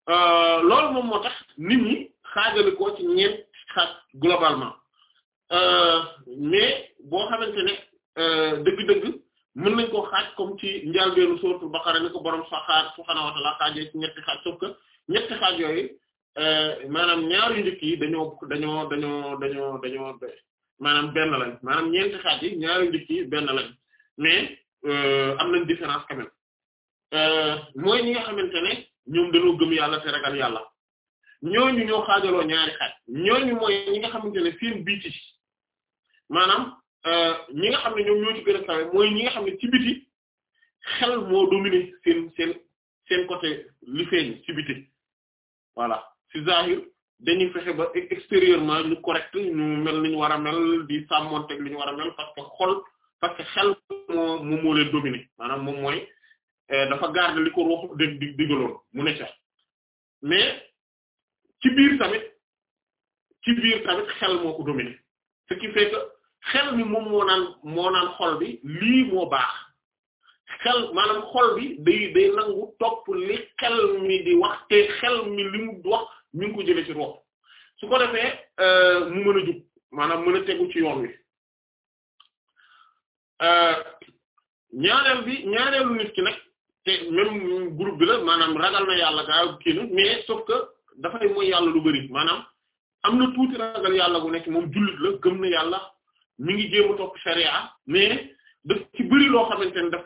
Euh, loolu moom moo tax nit ñi xaajale ko ci ñeent xaaj globalement euh, mais boo xamante ne euh, dëgg-dëgg mën nañ ko xaaj comme ci njàlbeenu sóortu Baqara ni ko borom saxaar subhaanahu wa ta'aala xaajee ci ñetti xaaj sauf que xaaj yooyu maanaam ñaar yu njëkk yi dañoo dañoo dañoo dañoo dañoo maanaam benn lañ maanaam ñeenti xaaj yi ñaar yu njëkk yi benn lañ mais am nañ différence quand mooy ñi nga xamante ne. ñoom dañoo gëm yàlla te ragal yàlla ñooñu ñoo xaajaloo ñaari xaaj ñooñu mooy ñi nga xamante ne seen biti maanaam euh, ñi nga xam ne ñoom ñoo ci gën a sawe mooy ñi nga xam ne ci biti xel moo dominer seen seen seen li feeñ ci biti voilà ci zahir dañuy fexe ba e-, extérieurement ñu correct ñu mel ni ñu war a mel di sàmmonteeg li ñu war a mel parce que xol parce xel moo moom moo leen dominer maanaam moom mooy Eh, dafa garder li ko ruux dég di digaloon mu ne ca mais ci biir tamit ci biir tamit xel moo ko dominer ce qui fait xel mi moom moo naan moo naan xol bi lii moo baax xel maanaam xol bi day day nangu topp li xel mi di wax te xel mi li mu wax mi ngi ko jëlee ci ruux su ko defee euh, mu mën a jub maanaam mën a tegu ci yoon wi euh, ñaareel bi ñaareelu nit ki nag te même groupe bi la maanaam ragal na yàlla gaa kii na mais sauf que dafay mooy yàlla lu bari maanaam am na tuuti ragal yàlla bu nekk moom jullit la gëm yàlla mi ngi jéem a topp mais daf ci bëri loo xamante ne daf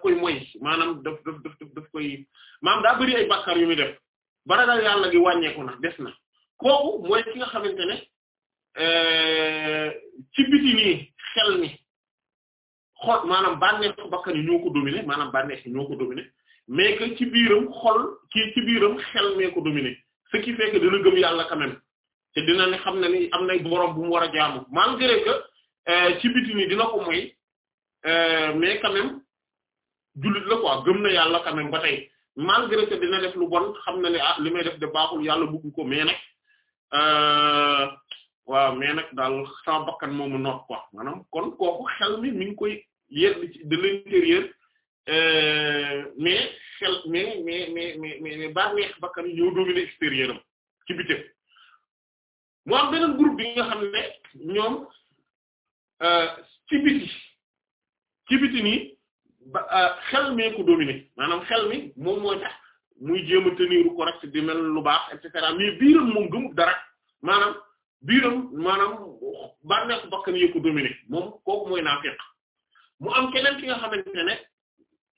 maanaam daf daf daf daf koy maanaam daa bëri ay bàkkaar yu muy def ba ragal yàlla gi wàññeeku na des na kooku mooy ki nga xamante ne euh, ci biti nii xel ni xool maanaam bànneexu bakkan yi ñoo ko dominer maanaam bànneex yi ñoo ko dominer mais que ci biiram xol kii ci biiram xel mee ko dominer ce qui fait yàlla quand te dina ne xam na ni am na borom bu mu war a jaamu malgré que euh, ci biti ni dina ko moy euh, mais quand même la quoi gëm na yàlla quand même ba tey malgré que dina def lu bon xam na ne ah li may def de baaxul yàlla bëgg ko mais nag euh, waaw mais nag daal sama bakkan moomu noot quoi maanaam kon kooku xel mi mi koy yedd ci de l'intérieur Euh, mais xel mais mais mais mais mais neex bakkan ñoo dominer extérieur ci biti mu am beneen groupe bi nga xam ne ñoom euh, ci biti ci biti nii ba euh, xel mee ko dominer maanaam xel mi moom mooy tax muy jéem correct di mel lu baax et cetera mais biiram moom gëmut dara maanam biiram maanaam baax neex bakkan yee ko dominer moom kooku mooy naafiq mu am keneen ki nga xamante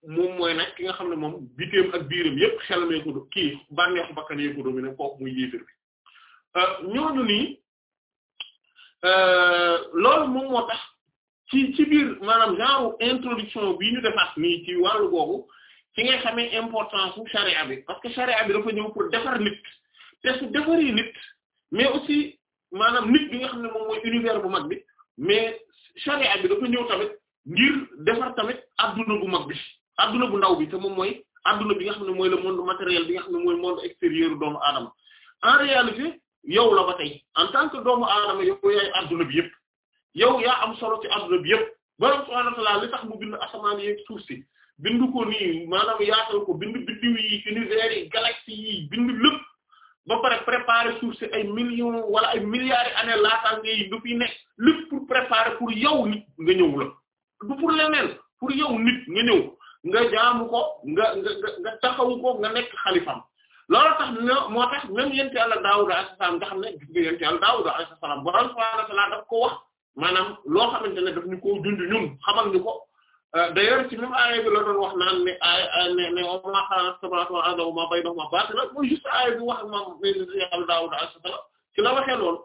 moom mooy nag ki nga xam ne moom biteem ak biiram yépp xel mee ko kii bànneexu bakkan yee ko dominé kooku muy yéefér bi euh, ñooñu nii euh, loolu moom moo tax ci ci biir maanaam genre introduction bii ñu defaat nii ci wàllu boobu ci nga xamee importance su charia bi parce que charia bi dafa ñëw defar nit te su defari nit mais aussi maanaam nit bi nga xam ne moom mooy univers bu mag bi mais charia bi dafa ñëw tamit ngir defar tamit adduna bu mag bi adduna bu ndaw bi te moom mooy adduna bi nga xam ne mooy la monde matériel bi nga xam ne mooy monde extérieur doomu aadama en réalité yow la ba tey en tant que doomu aadama yow yaay adduna bi yëpp yow yaa am solo ci adduna bi yëpp borom subhaanahu wa ta'aala li tax mu bind asamaan yeeg suuf bind ko nii maanaam yaatal ko bind biddiw yi univers yi galaxie yi bind lépp ba pare préparer suuf ay millions wala ay milliards yi années laata ngay du fi pour préparer pour yow nit nga ñëw la du pour yow nit nga ñëw nga jaamu ko nga nga nga taxawu ko nga nekk xalifam loolu tax na moo tax même yent yàlla Daawuda alayhi salaam nga xam ne gis nga yent yàlla Daawuda alayhi salaam borom subhaanahu wa ta'aala daf ko wax maanaam loo xamante ne daf ñu ko dund ñun xamal ñu ko euh, d'ailleurs ci même aaya bi la doon wax naan ne ay euh, ne ne wa maa xalaqa as-samaawaati wal arda wa maa baynahumaa baatilan mooy juste aaya bi wax moom yent yàlla Daawuda alayhi salaam ci la waxee loolu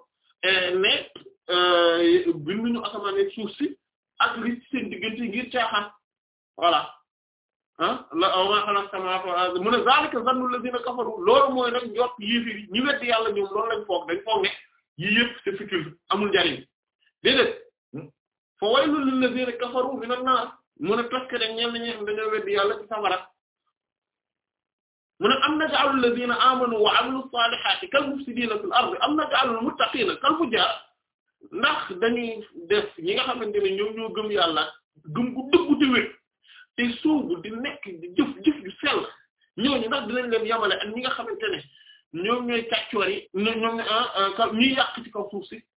euh, ne binduñu asamaan suuf si ak li ci seen diggante ngir caaxaan voilà ah a aw maa xalaq samaawaati wal ard kafaru loolu mooy rek njort yéefiri ñi weddi yàlla ñoom loolu lañ foog dañ foog ne yii yëpp c'est futile amul njariñ déedéet fa waylul lil laziina kafaru minan naar mu ne parce que ñenn ñi xam dañoo weddi yàlla ci safara mu ne am naj'alul laziina aamanu wa 'amilus saalihaati kal mufsidiina fil ardi am naj'alul muttaqiina kal fujjaar ndax dañuy def ñi nga xamante ne ñoom ñoo gëm yàlla gëm gu dëggu te wér tey sóobu di nekk di jëf jëf ju sell ñooñu leen yamale ak ñi nga xamante ne ñoom ñooy càccoor yi ñoom ah, ah, ñuy yàq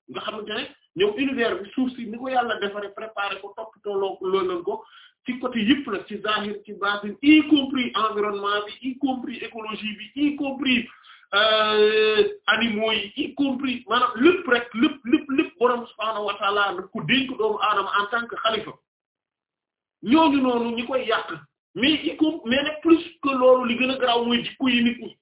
nga xamante ne ñoom univers bi suuf si ni ko yàlla defaree préparé ko toppatoo loo leen ko ci côté yëpp la ci zahir ci batin y compris environnement bi y compris écologie bi y compris euh, animaux yi y compris maanaam lépp rek lépp lépp lépp borom subhaanahu ku ta'ala daf ko dénk en tant que xalifa ñooñu noonu ñi koy yàq mais i ko mais plus que loolu li gën a garaaw mooy jikko yi nit ñi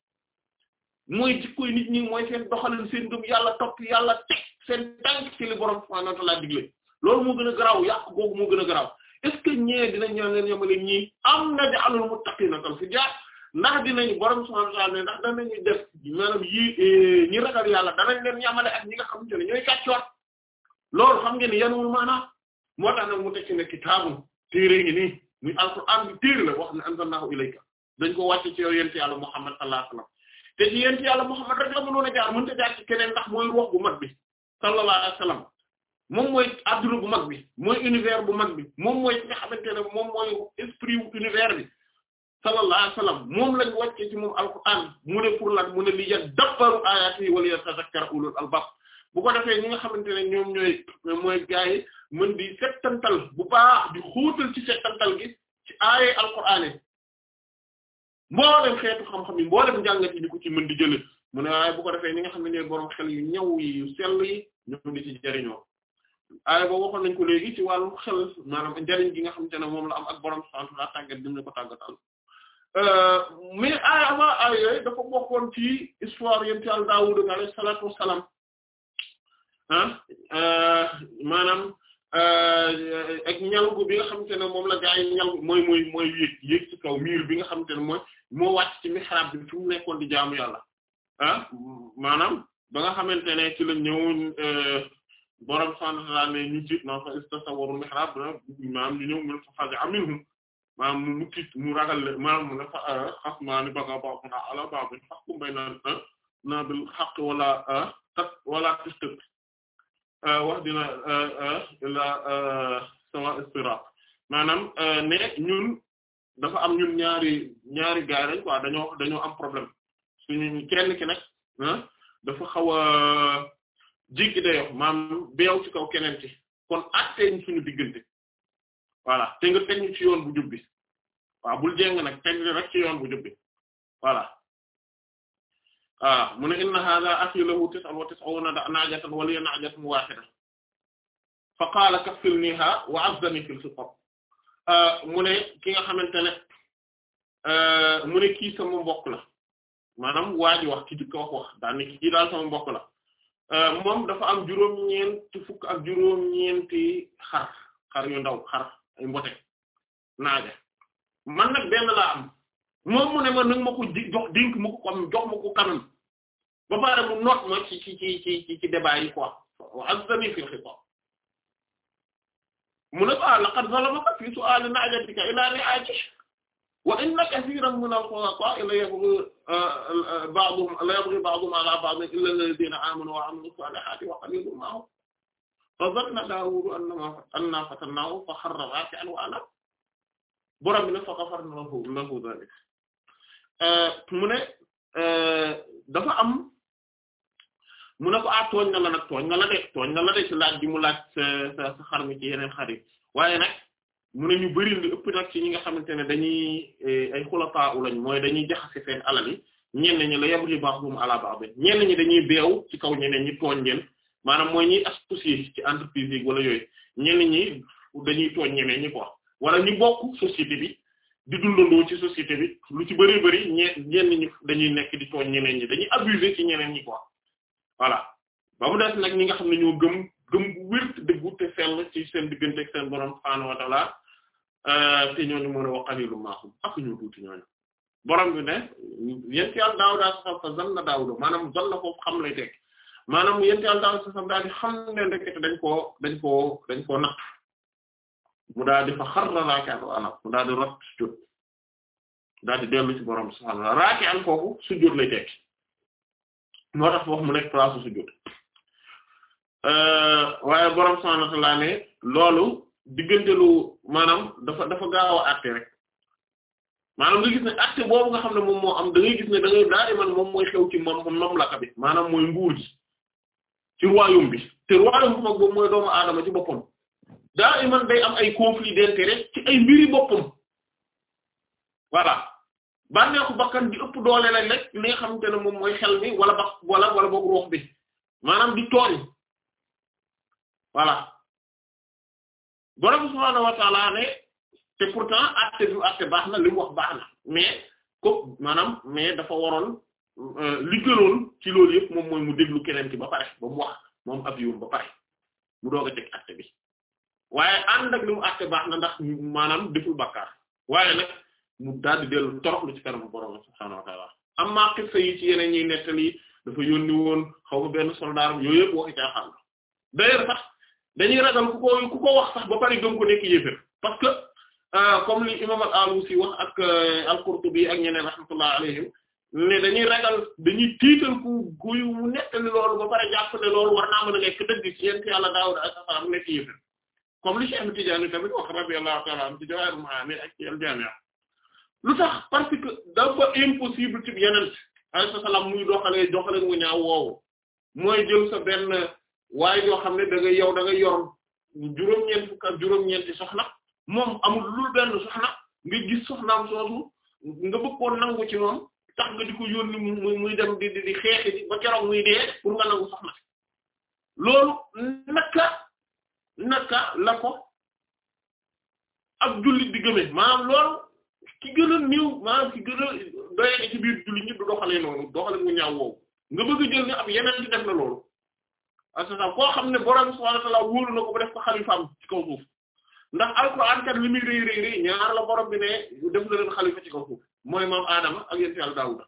mooy jikko yi nit seen doxalin seen gëm yàlla topp yàlla teg seen tànk ci li borom subhaanahu wa ta'aala digle loolu moo gën a garaaw yàq googu moo gën a garaaw est-ce que ñee dinañ ñaan leen yamale ñii am na ja'alul muttaqiina kal fujjaar ndax dinañ borom subhaanahu wa ta'aala ndax danañu def maanaam yi eh, ñi ragal yàlla danañ leen yamale ñi nga xamante ne ñooy kàccoor loolu xam ngeen ne yanwul maanaam moo tax nag mu téere ngi nii muy alquran bi téere la wax ne anzalnahu ilayka dañ ko wàcce ci yow yent yàlla Muhammad sallallahu alayhi wasallam te ci yent Muhammad rek la mënoon a jaar mënta jaar ci keneen ndax mooy wax bu mag bi sallallahu alayhi moom mooy adduna bu mag bi mooy univers bu mag bi moom mooy ci nga xamante ne moom mooy esprit wu univers bi sallallahu alayhi wasallam moom lañ wàcce ci moom alquran mu ne pour lan mu ne li yadabbaru ayatihi wa li yatadhakkara ulul albab bu ko defee ñi nga xamante ne ñoom ñooy mooy mën di settantal bu baax di xóotal ci settantal gi ci aaye alquraan yi mboolem xeetu xam-xam yi mboolem njàngat yi di ko ci mën di jële mu ne waaye bu ko defee ñi nga xam ne ñooy boroom xel yu ñaw yi yu ci jariñoo aaye boobu waxoon nañ ko léegi ci wàllu xel maanaam njariñ gi nga xamante ne moom la am ak boroom subhaanahu wa ta'aala tàggat dim ne ko tàggatal euh, mais aay avant aay dafa bokkoon ci histoire yéen ci al Daawuud alayhi salaatu wassalaam ah euh, maanaam Euh, ak ñalgu bi nga xamante ne moom la gaa yi ñalgu mooy mooy ci kaw miir bi nga xamante ne mooy moo wàcc ci mihrab bi fi mu nekkoon di jaamu yàlla ah maanaam ba nga xamante ne ci la ñëwoon euh, borom sant laa ne ñu tiit fa istasawaru mihrab maanaam ñu ñëw mën fa fage aminhum maanaam mu tiit mu ragal le maanaam mu ne fa ah, xasmaani baga baabu na ala baabu fahkum na bil haqq wala tat ah, wala tastaqi Euh, wahdina ila euh, euh, sawa sirat maanaam ne ñun dafa am ñun ñaari ñaari gaay lañ quoi dañoo dañoo am problème suñu kenn ki nag dafa xaw a jéggi dayo maam beew ci kaw keneen ci kon àttee suñu diggante voilà te nga teg ñu ci bu jub bi bul jéng nag teg rek ci bu jub bi ah mu ne inna hadha akhi lahu tis'un wa tis'una na'jatan wa li na'jatun wahida fa qaala kaffilniha wa 'azzani fil khitab ah, mu ne ki nga xamante ne ah, mu ne sama mbokk la maanaam waa ji wax ki di ko wax wax daan ni kii daal sama mbokk la ah, moom dafa am juróom-ñeenti fukk ak juróom-ñeenti xar yu ndaw xar ay mbote naaja man nag benn laa am moom mu ne ma nag ma ko jox dénk ma ko comme jox ma ko kanam ba pare mu noot ma ci ci ci ci ci débat yi quoi ak sami fil xitab mu ne ah laqad zalamaka fi su'al na'jatika ila ri'atik wa inna kathiran min al-khulaqa la yabghi ah, ba'duhum la yabghi ba'duhum ala ba'din illa alladhina amanu wa 'amilu salihati wa qalilun ma hum fa zanna Daawudu anna fatannahu fa kharra raki'an wa anab borom bi nag fa ghafarna lahu lahu dhalik Euh, mu ne euh, dafa am mu ne ko ah tooñ na la nag tooñ na la de tooñ na la de ci laaj bi mu laaj sa sa xar mi ci yeneen xar yi waaye nag mu ne ñu bari li ëpp nag ci ñi nga xamante ne dañuy eh, ay xulafaa u lañ mooy dañuy jaxase seen alal yi ñenn ñi la yabri ba'dhum ala ba'd ñenn ñi dañuy beew ci kaw ñeneen ñi tooñ leen maanaam mooy ñiy associé ci entreprise yi wala yooyu ñenn ñi dañuy tooñ ñeneen ñi quoi wala ñu bokk société bi. di dundandoo ci société bi lu ci bari bari ñe ñenn ñi dañuy nekk di tooñ ñeneen ñi dañuy abuser ci ñeneen ñi quoi voilà ba mu des nag ñi nga xam ne ñoo gëm gëm bu wér dëggu te sell ci seen diggante ak seen borom subhaanahu wa ta'aala euh, te ñooñu mën a wax qaliilun maa hum ak ñoo tuuti ñooñu borom ne yent yàlla daaw daa sa fa xam lay teg maanaam yent yàlla daaw daal di xam ne ndekete dañ koo dañ koo dañ koo natt mu daal di fa xarra raaki'an wa anab mu daal di rot sujjóot daal di dellu mu nekk place sujjóot euh, waaye borom subhaanahu wa ta'aala loolu diggante lu dafa dafa gaaw a àtte rek maanaam nga gis ne àtte boobu nga xam ne moom moo am da gis ne da daal di man moom mooy xew ci moom moom mamlaka bi maanaam mooy nguur ci royaume bi te royaume bu mag ci boppam. daa iman day am ay conflit d'intérêt ci ay mbiri boppam voilà bànneexu bakkan di ëpp doole la rek li nga xamante ne moom mooy xel mi wala ba wala wala boog ruux bi maanaam di tooñ voilà borom subhaanahu wa ta'aala ne te pourtant acte bi acte baax na li mu wax baax na mais ko maanaam mais dafa waroon euh, li gënoon ci loolu yëpp moom mooy mu déglu keneen ci ba pare ba mu wax moom ab ba pare mu doog a teg acte bi waaye ànd ak baax na ndax maanaam deful bàkkaar waaye nag mu daldi dellu toroxlu ci kanamu borom subhaanahu wa ta'aala amma qissa yi ci yeneen ñuy nettali dafa yónni woon xaw ma benn soldaaram yooyu yëpp waxi caaxaan la d'ailleurs sax dañuy ragal ku ko ko wax sax ba pare gëm ko nekk yéefér parce que euh, comme li imam al-Alusi wax ak euh, al-Qurtubi ak ñeneen rahmatullah alayhim ne dañuy ragal dañuy tiital ku guy mu nettali loolu ba pare jàpp ne loolu war naa a nekk dëgg ci yent yàlla Daawuda moom li Cheikh Ahmed Tidiane tamit wax radiyallahu ta'ala anhu ci Jawahirul Ma'ani ak ci al lu tax parce que dafa impossible ci yeneen muy doxalee doxalee mu ñaaw woowu mooy jël sa benn waaye yoo xam ne da yow danga yor juróom-ñeent fukk ak soxna moom amul lu benn soxna nga gis soxnaam soosu nga bëgg nangu ci moom tax nga di ko yónni muy muy dem di di xeexi ba keroog muy dee pour nga nangu soxna loolu naka. naka la ko ab jullit di gëmee maanaam loolu ki gën a niiw maanaam ki gën a doyee ci biir jullit ñi du doxalee noonu doxale mu ñaaw woowu nga bëgg a jël ne ab yeneen di def na loolu parce que koo xam ne borom subhaanahu wa ta'aala wóolu na ko ba def ko xalifaam ci kaw suuf ndax alxuraan kat li muy rëy rëy ñaar la borom bi ne def na leen xalifa ci kaw suuf mooy maam Adama ak yonent Yàlla Daawuda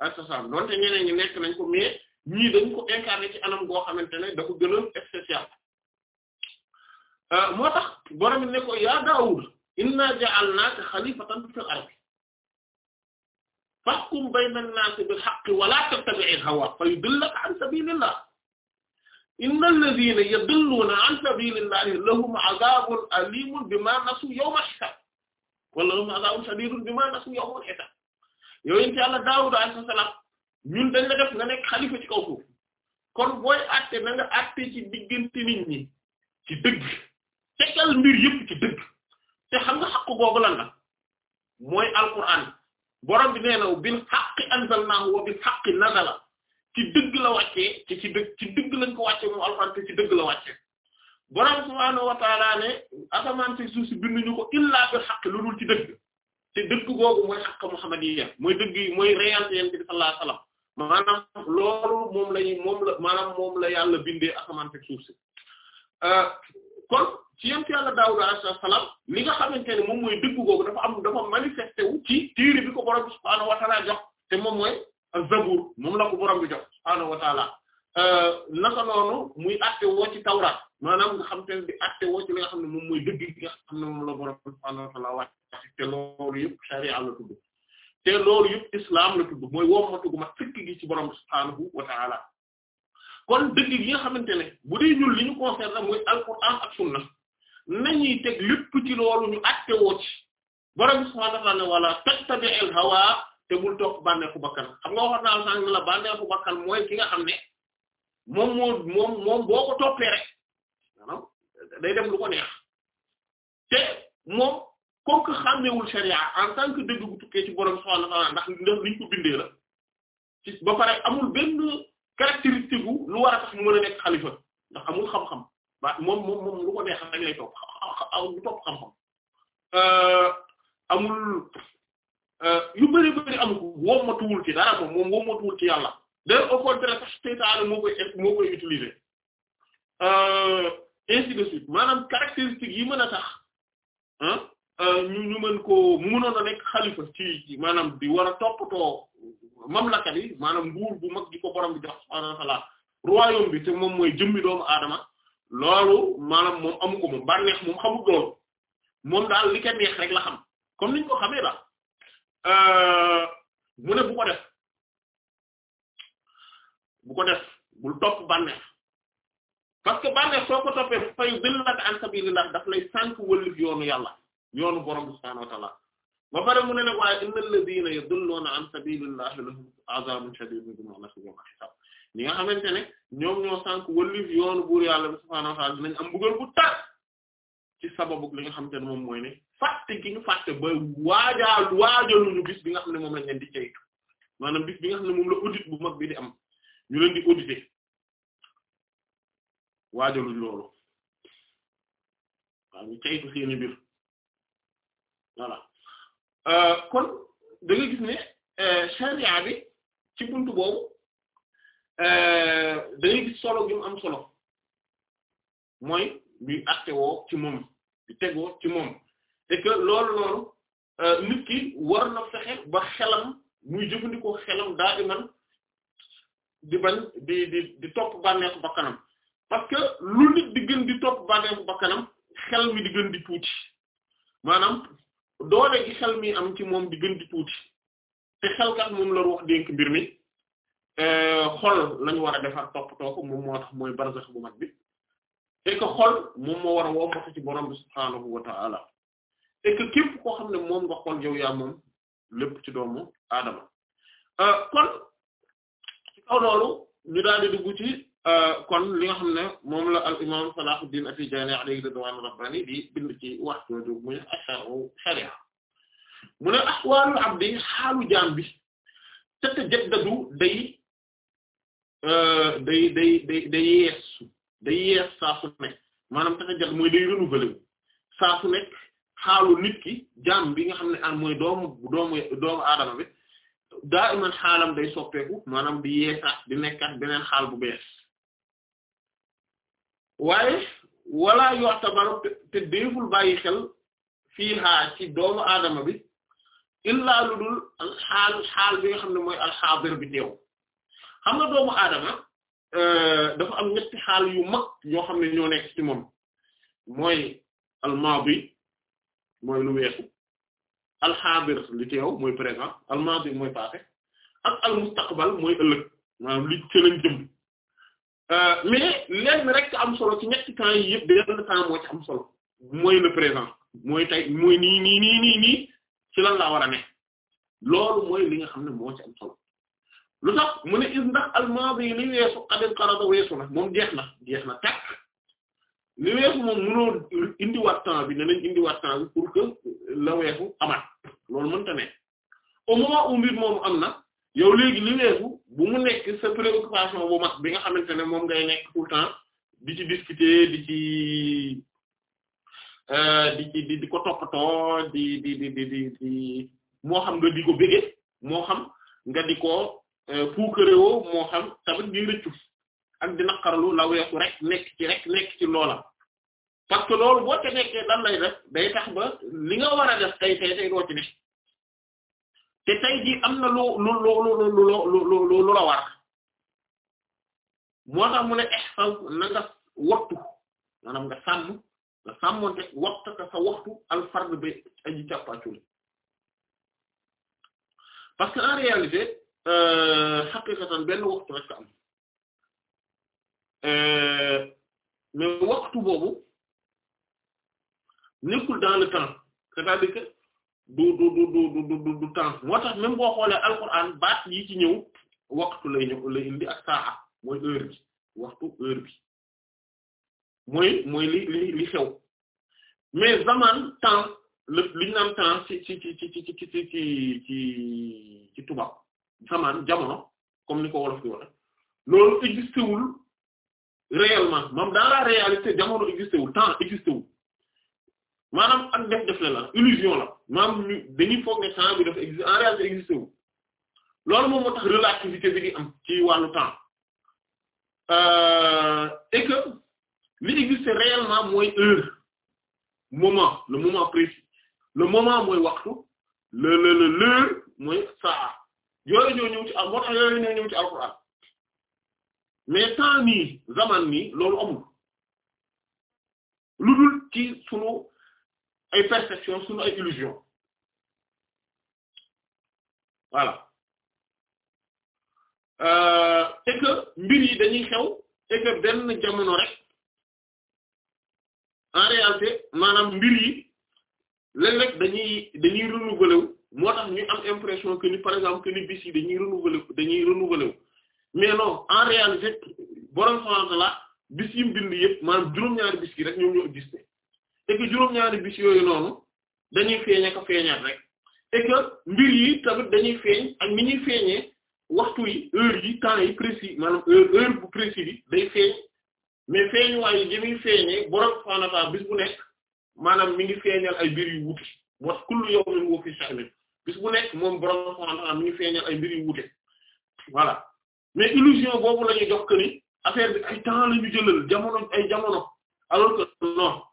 ak sa saam donte ñeneen ñi nekk nañ ko mais ñii dañ ko incarné ci anam goo xamante ne dafa gën a Euh, moo tax borom ne ko yaa Daawud inna ja'alnaaka xalifatan fil ardi fahkum bayna an-naasi bil haqqi wa laa tattabi'il hawaa fa yudillaka an sabiilillah inna alladhiina yadilluuna an sabiilillahi lahum 'adhaabun aliimun bimaa nasuu yawma al-hisaab wa lahum 'adhaabun shadiidun bimaa nasuu yawma al-hisaab yow incha yàlla Daawud alayhi salaam ñun dañ la def nga nekk xalifa ci kaw foofu kon booy àtte na nga àtte ci diggante nit ñi ci dëgg. tegal mbir yëpp ci dëgg te xam xaq googu lan la mooy alquran borom bi nee na bil xaqi anzalnaahu wa bil xaqi nazala ci dëgg la wàccee ci dëgg ci dëgg lañ ko wàccee moom alquran ci dëgg la wàccee borom subhaanahu wa asamaan si suuf si binduñu ko illaa bil xaqi lu dul ci dëgg te dëgg googu mooy xaq muhammadiyya mooy dëgg yi mooy réalité yent bi sallallahu alayhi maanaam loolu moom la maanaam moom la yàlla bindee asamaan si suuf si euh, kon ci yent yàlla Daawud alayhi salaam li nga xamante ne moom mooy dëgg googu dafa am dafa manifesté wu ci téere bi ko borom bi subhaanahu wa jox te moom mooy Zabuur moom la ko borom bi jox subhaanahu wa taala euh, naka noonu muy woo ci Tawraat maanaam nga xam te ne di woo ci li nga xam ne moom mooy dëgg gi nga xam ne moom la borom bi subhaanahu wa taala te loolu yëpp sharia la tudd te loolu yëpp islam la tudd mooy woo ma tudd ma gi ci borom bi subhaanahu wa taala kon dëgg yi nga xamante ne bu dee ñun li ñu concerné muy alquran ak sunna nañuy teg lépp ci loolu ñu àtte woo ci borom subhaanahu wa ta'aala wala tattabi'il hawaa te bul topp bànneexu bakkan xam nga waxoon naa sànq la bànneexu bakkan mooy ki nga xam ne moom moom moom boo toppee rek day dem lu ko neex te moom comme que xàmmewul sharia en tant que dëgg bu tukkee ci borom subhaanahu wa ndax ndax liñ ko bindee ba pare amul benn. caractéristique gu lu war a mu mën a nekk xalifa ndax amul xam-xam moom moom moom euh, euh, yu bëri bëri euh, mën a ñu ñu mën ko nekk xalifa ci maanaam di war a toppatoo mamlakat yi maanaam nguur bu mag di borom bi jox subhaanahu wa royaume bi te moom mooy jëmmi doomu aadama loolu maanaam moom amu moom bànneex moom xamul loolu moom daal li ko rek la xam comme niñ ko xamee daal euh, mu ne bu ko def bu ko def bul topp bànneex parce que bànneex soo ko toppee fay dëllak an sabilillah daf lay sànk wëllif yoonu yàlla yoonu borom bi subhaanahu wa ba pare mu ne nag waaye innal ladina yadulluuna an sabilillahi lahum azabun shadidun bima nasu yawmal hisab ñi nga xamante ne ñoom ñoo sànk wallif yoonu buur yàlla bi subhaanahu wa ta'ala dinañ am mbugal bu tar ci sababu li nga xam ne moom mooy ne fàtte gi ñu fàtte ba waajaal waajaluñu bis bi nga xam ne moom lañ leen di ceytu la audit bu mag bi di am ñu leen di auditer waajaluñ loolu waaw ñu ceytu seeni mbir voilà Euh, kon da gis ne charia euh, bi ci bunt boobu euh, da gis solo gi am solo mooy bi attewoo ci moom bi tegoo ci moom et loolu loolu nit ki war na fexe ba xelam muy jëfandikoo xelam daa di bañ di di di topp bànneexu bakkanam parce que lu nit di gën di topp bànneexu bakkanam xel mi di gën di tuuti maanaam doole gi xel mi am ci moom di gën di tuuti te xelkat moom la wax dénk mbir mi euh, xol lañu war a defar toppatoo ko moom moo tax mooy barzax bu mag bi et que xol moom moo war a wombatu ci borom bi subhaanahu wa ta'ala et que képp koo xam ne moom nga xol yow moom lépp ci doomu aadama euh, kon ci kaw loolu ñu Euh, kon li nga xam ne moom la al imam Salahuddin At-Tidjânî alayhi ridwanu rabbani di bind ci wax jooju muy asharu sharia mu ne ahwalul abdi xaalu bi euh, xaalu jaam bi nga xam ne an muy doomu doomu doomu aadama bi daa iman xaalam day soppeeku maanaam di yeesaat di nekkaat beneen xaal bu bees waaye wala yu'tabaru te déeful bàyyi xel fii haa ci doomu aadama bi illaa lu dul xaal xaal bi nga xam ne mooy alxaadir bi teew xam nga doomu aadama euh, dafa am ñetti xaal yu mag ñoo xam ne ñoo nekk ci moom mooy bi mooy lu weesu alxaadir li teew mooy présent almaadi mooy passé ak almustaqbal mooy ëllëg maanaam li ci jëm Euh, mais lenn rek am solo ci ñetti temps yi yëpp benn temps moo ci am solo mooy le présent mooy tey mooy nii nii nii nii ci lan laa war ne loolu mooy li nga xam ne moo ci am solo lu tax mu ne is ndax almaadi yi li weesu xadil xarada weesu na moom jeex na jeex na takk li weesu moom mënoo indiwaat temps bi ne nañ indiwaat temps bi pour que la weesu amaat loolu mënta ne au moment où mbir moomu am na yow léegi li weesu bu mu nekk sa préoccupation bu mag bi nga xamante ne moom ngay nekk tout le temps di ci discuter di ci euh, di ci di ko toppatoo di di di moo xam nga di ko moo xam nga di ko euh, puukarewoo moo xam tamit di rëccu ak di naqarlu la weesu rek nekk ci rek nekk ci loola parce que loolu boo te nekkee lay def day tax ba li nga war def tey tey tey doo te tey jii am na lu lu lu lu lu la war moo tax mu ne ihfaz na nga waxtu maanaam nga sàmm nga sàmmonte waxtu ka sa waxtu al fard ba aji càppaacul parce que en réalité xaqiqatan benn waxtu rek am mais waxtu boobu nekkul dans le temps du du du du du temps moo tax même boo xoolee alquran baat yi ci ñëw waxtu lay ñëw lay indi ak saa mooy heure bi waxtu heure bi mooy mooy li li li xew mais zaman temps li ñu naan temps ci ci ci ci ci ci ci ci tubaab zaman jamono comme ni ko wolof di waxe loolu existé réellement moom dans la réalité jamono temps existé maanaam ak def def la la illusion la maanaam ñu foog ne temps bi dafa existe en réalité existé wu loolu moom moo tax relativité bi di am ci wàllu temps euh, et que li existe réellement mooy heure moment le moment précis le moment mooy waxtu le le le l'heure saa yooyu ñoo ñëw ci moo tax yooyu ñoo ñëw ci mais temps nii zaman nii loolu amul lu dul ci sunu ay perception suñu ay illusion voilà euh, c'est en réalité maanaam mbir yi léeg dañuy dañuy renouveler moo tax ñu am impression que par exemple que ni bis yi dañuy renouveler dañuy renouveler wu mais non en réalité borom xamante bis yi mu bind yëpp maanaam juróom-ñaari bis yi rek ñoom ñoo existé c'est que juróom-ñaari bis yooyu noonu dañuy feeñ ak feeñaat rek et que mbir yi tamit dañuy feeñ ak ni ñuy feeñee waxtu yi heure yi temps yi précis maanaam heure heure bu précis bi day feeñ mais feeñ waaye ji feeñee borom subhaanahu wa ta'aala bis bu nekk maanaam mi ngi feeñal ay mbir yu wuute wax kullu yawmin huwa fii sha'n bis bu nekk moom borom subhaanahu wa mi ngi feeñal ay mbir yu wuute voilà mais illusion boobu la jox que affaire bi ay temps la jëlal jamono ay jamono alors que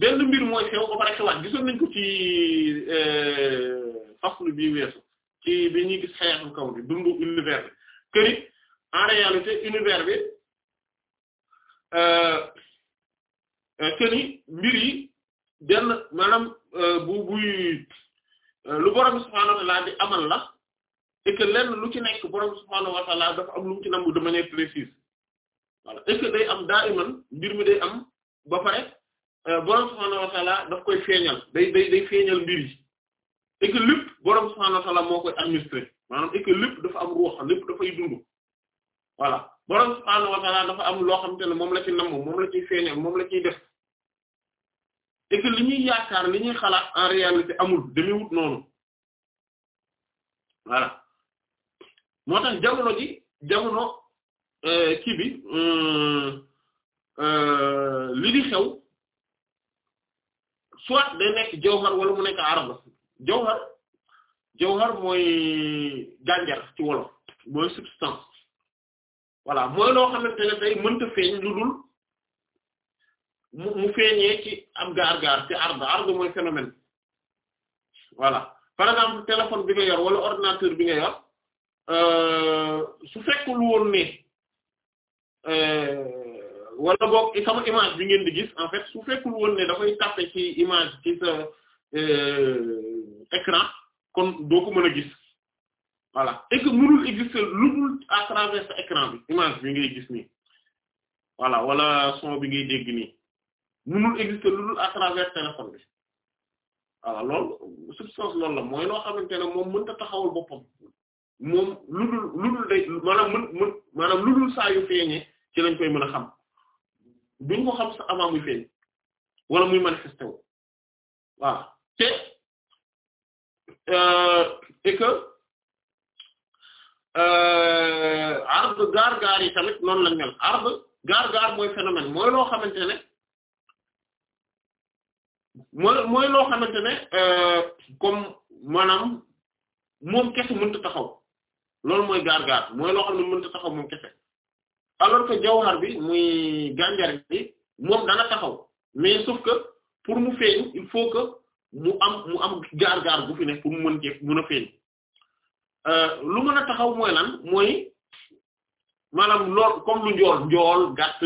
benn mbir mooy xew ba pare xewaat gisoon nañ ko ci euh, faslu bii weesu ci bi gis xeexu kaw bi dundu univers bi këri en réalité univers bi euh, këri mbir yi benn maanaam euh, bu buy lu borom subhaanahu wa ta'ala di amal la et lenn lu ci nekk borom subhaanahu wa ta'ala dafa am lu mu ci nambu de manière précise voilà et que day am daa iman mbir mi day am ba pare Euh, borom subhaanahu wa taala daf koy feeñal day day feeñal mbir yi et lépp borom subhaanahu wa taala moo koy administrer maanaam et que lépp dafa am ruux lépp dafay dund voilà borom subhaanahu wa dafa am loo xamante ne moom la ci namm moom la ciy feeñal moom la ciy def et li ñuy yaakaar li ñuy xalaat en réalité amul demee wut noonu voilà moo tax jamono ji jamono euh, kii euh, li di xew. soit day nekk jawhar wala mu nekk arab la jawhar jawhar mooy ci wolof mooy substance voilà mooy loo xamante ne day mënta feeñ lu dul mu feeñee ci am gaar ci ard ard mooy phénomène voilà par exemple téléphone bi nga yor wala ordinateur bi nga yor euh, su fekkul woon ne euh, wala boog sama image bi ngeen di gis en fait su fekkul woon ne dafay tapé ci image ci sa euh, écran kon doo ko mën a gis voilà et lu dul à wala son bi ngay dégg nii mënul lu dul à travers bi voilà loolu substance loolu la mooy loo xamante moom mënut a taxawal boppam moom lu dul lu dul day maanaam maanaam lu dul saa feeñee ci lañ koy mën a xam duñ ko xam sax avant muy feeñ wala muy manifesté wu te euh, et euh, gaar-gaar yi tamit noonu lañ mel arde gaar-gaar mooy phénomène mooy loo xamante ne mooy mooy loo xamante ne euh, comme maanaam moom kese mënut taxaw loolu mooy gaar-gaar mooy loo xam ne taxaw moom kese alors que jawhar bi muy gànjar bi moom dana taxaw mais sauf que pour mu feeñ il faut que mu am mu am gaar-gaar bu fi nekk pour mu mën cee mën a feeñ euh, lu mën a taxaw mooy lan mooy maanaam lool comme lu njool njool gàtt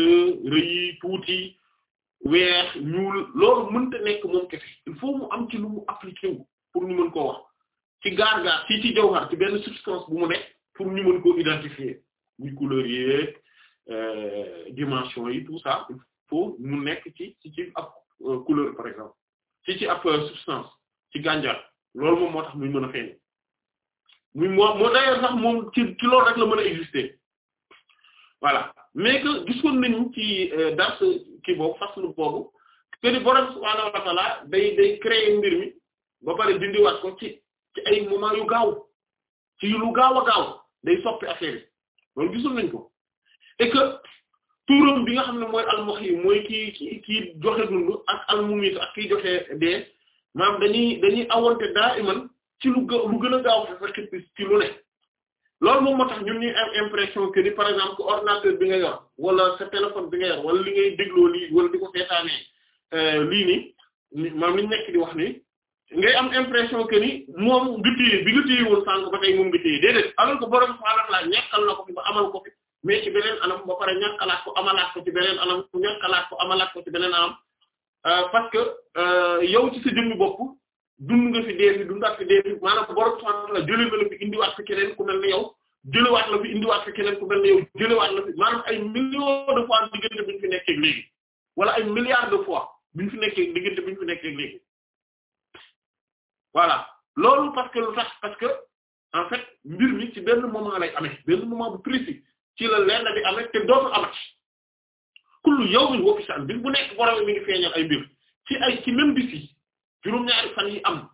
rëy tuuti weex ñuul loolu mënta nekk moom kese il faut mu am ci lu mu appliqué pour ñu mën koo wax ci gaar-gaar ci ci jawhar ci benn substance bu mu nekk pour ñu mën koo identifier muy couleur Euh, dimension yi tout ça il mu nekk ci ci ci euh, couleur par exemple ci ci ab euh, substance ci gànjar loolu moom moo tax muy mën a feeñ muy moo moo d'ailleurs sax moom ci ci loolu rek la mën a exister voilà mais que gisoon nañu ci dars kii boobu faslu boobu que ni borom subhaanahu wa ta'ala day day créer mbir mi ba pare dindiwaat ko ci ay moment yu gaaw ci lu gaaw a gaaw day soppi affaire loolu gisoon nañ ko et que bi nga xam ne mooy al-Muhyi mooy kii kii kii joxe dund ak al-Mumiit ak kii joxe dee maanaam dañuy dañuy awante daa iman ci lu gë lu gën a gaaw fa xippi ci lu ne loolu moom moo tax ñun ñuy am impression que ni par exemple que ordinateur bi nga yor wala sa téléphone bi nga yor wala li ngay dégloo lii wala di ko seetaanee euh, lii nii maanaam li ñu nekk di wax nii ngay am impression que ni moom nga téye bi nga téye woon sànq ba tey moom nga téye déedéet alors que borom subhaanahu wa amal ko mais ci beneen anam ba pare ñàkkalaat ko amalaat ko ci beneen anam ñàkkalaat ko amalaat ko ci beneen anam euh, parce que euh, yow ci sa jëmmi bopp dund nga fi fi dundaat fi dee fi maanaam wa ta'aala fi keneen ku mel ne yow jëlewaat la fi indiwaat fi keneen ku mel ne yow jëlewaat la fi maanaam ay millions de fois diggante bi ñu fi nekkee léegi wala ay milliards de fois bi ñu fi nekkee diggante bi fi nekkee léegi voilà loolu parce que lu tax parce que en fait mbir mi ci benn moment lay amee benn moment bu précis ci la lenn bi amee te dootul amati kullu yawmin wa fi sha'n bis bu nekk borom mi ngi feeñal ay mbir ci ay ci même bis yi juróom-ñaari fan yi am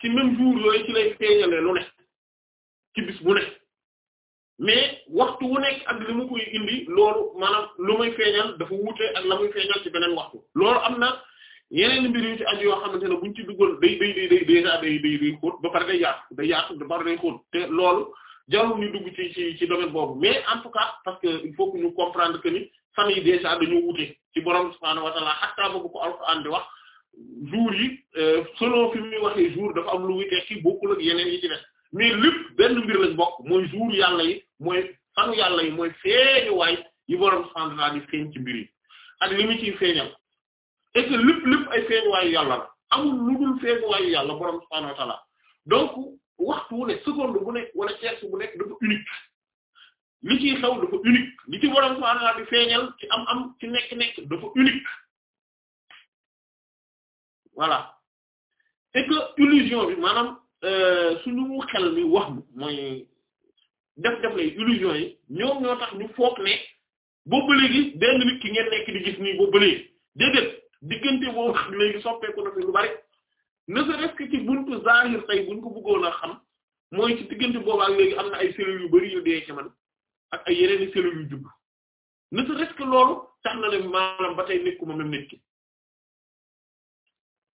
ci même jour yooyu ci lay feeñalee ne ci bis bu ne mais waxtu wu nekk ak li mu koy indi loolu maanaam lu muy feeñal dafa wuute ak la muy feeñal ci beneen waxtu loolu am na yeneen mbir yu ci aju yoo xamante ne buñ ci duggoon day day day day déjà day day day xóot ba pare day yaatu day yaatu ba pare day xóot te loolu. jarul ñu dugg ci ci domaine boobu mais en tout cas parce que il faut que ñu comprendre que ni fan yi déjà dañoo wute ci borom subhaanahu wa hatta ba ko alxuraan wax jour yi euh, selon fi muy waxee jour dafa am lu muy tekki bokkul ak yeneen yi ci def mais lépp benn mbir lañ bokk mooy jour yàlla yi mooy fanu yàlla yi mooy feeñuwaay yi borom subhaanahu wa ta'ala yi mu ciy feeñal yàlla la amul yàlla borom subhaanahu wa donc. waxtu wu ne seconde bu nekk wala tierce bu nekk dafa unique li ciy xew dafa unique li ci borom subhaanahu wa di feeñal ci am am ci nekk-nekk dafa unique voilà et que illusion bi maanaam euh, suñu xel mi wax mu mooy def-def lay illusion yi ñoom ñoo tax ñu foog ne boobu léegi benn nit ki ngeen nekk di gis nii boobu léegi déedéet diggante boobu léegi soppeeku na fi lu bari ne serait-ce que ci buntu zahir tey buñ ko a xam mooy ci diggante boobu ak léegi am na ay cellules yu bari yu dee ci man ak ay yeneen i cellules yu jub ne serait-ce que loolu na ne maanaam ba nekkuma même nit ki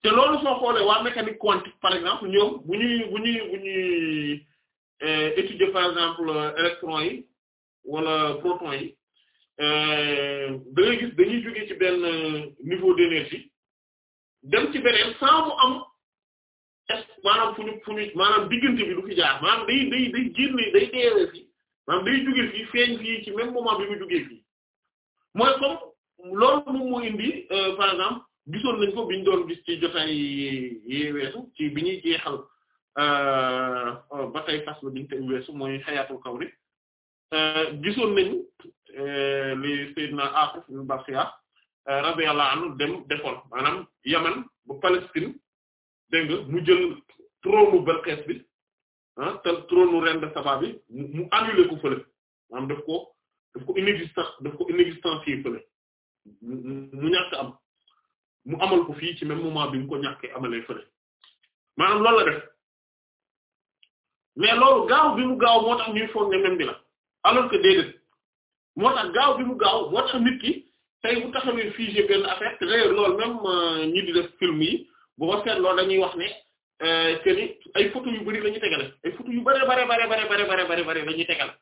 te loolu soo xoolee waa mécanique quantique par exemple ñoom bu ñuy bu ñuy bu ñuy euh, étudier par exemple électrons yi wala protons yi euh, da gis dañuy jógee ci benn niveau d'énergie dem ci beneen sans am maanaam fu ñu fu ñu maanaam diggante bi du fi maanaam day day day génne day deewee fii maanaam day jóge fii feeñ fii ci même moment bi mu jógee fii mooy comme loolu moom moo indi euh, par exemple gisoon nañ ko biñ doon gis ci jotaay yi weesu ci bi ñuy jeexal euh, ba tey fas la biñ tey weesu mooy xayaatul euh, dem defoon maanaam Yaman ba Palestine dégg mu jël trône Balqis bi ah te trône reine de mu mu ko fële maanaam daf ko daf ko inexistant daf ko inexistancier fële mu ñàkk am mu amal ko fii ci même moment bi mu ko ñàkkee amalee fële maanaam loolu la def mais loolu gaaw bi mu gaaw moo tax nit ki tey bu taxawee figé benn affaire te d'ailleurs loolu même euh, ñi di def film yi. bu ko seetloo dañuy wax ne euh, que ni ay photo yu bari la ñu tegale ay photo yu bari bari bari bari bari bari bari bari la ñuy tegale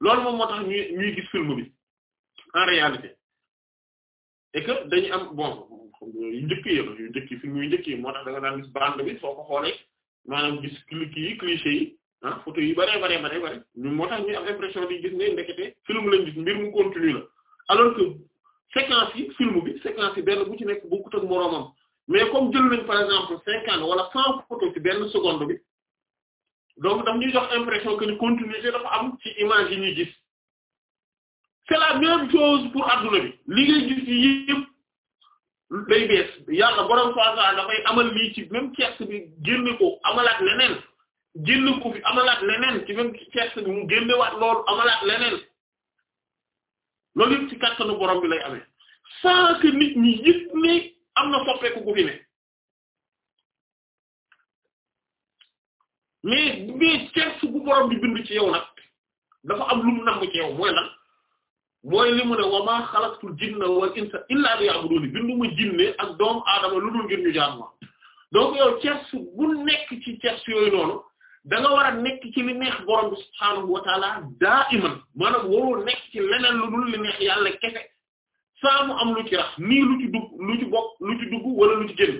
loolu moom moo tax ñuy ñuy gis film bi en njëkk yi moo tax da nga daan gis bande bi soo ko xoolee maanaam gis cliquet yi cliché yi ah photo yi bari bari bari bari moo tax ñuy am impression di gis ne ndekete film lañ gis mbir mu continue la alors que séquence yi film bi séquence yi benn bu ci nekk bokkut ak moroomam mais comme jël nañ par exemple cinquante wala cent photos ci benn seconde bi donc daf ñu jox impression que ni continuité dafa am ci image yi ñuy gis c'est la même chose pour adduna bi li ngay gis yi yëpp day bees yàlla borom faasa dafay amal lii ci même ceex bi génne ko amalaat leneen génne ko fi amalaat leneen ci même ceex bi mu génnewaat loolu amalaat leneen loolu ci kattanu borom nit ñi yëpp ne am na soppeeku gu fi ne mais mais kersu gu borom bi bind ci yow nag dafa am lu mu namm ci yow mooy lan mooy li ne wa maa xalaqtul jinna wal insa illaa liya'budun bindu ma jinne ak doomu aadama lu dul ngir ñu jaamu ma donc yow kersu bu nekk ci kersu yooyu noonu da war a nekk ci li neex borom bi subhaanahu wa daa iman maanaam waroo nekk ci leneen lu dul li neex yàlla kese. saa mu am lu ci rax nii lu ci dugg lu ci bokk lu ci dugg wala lu ci génn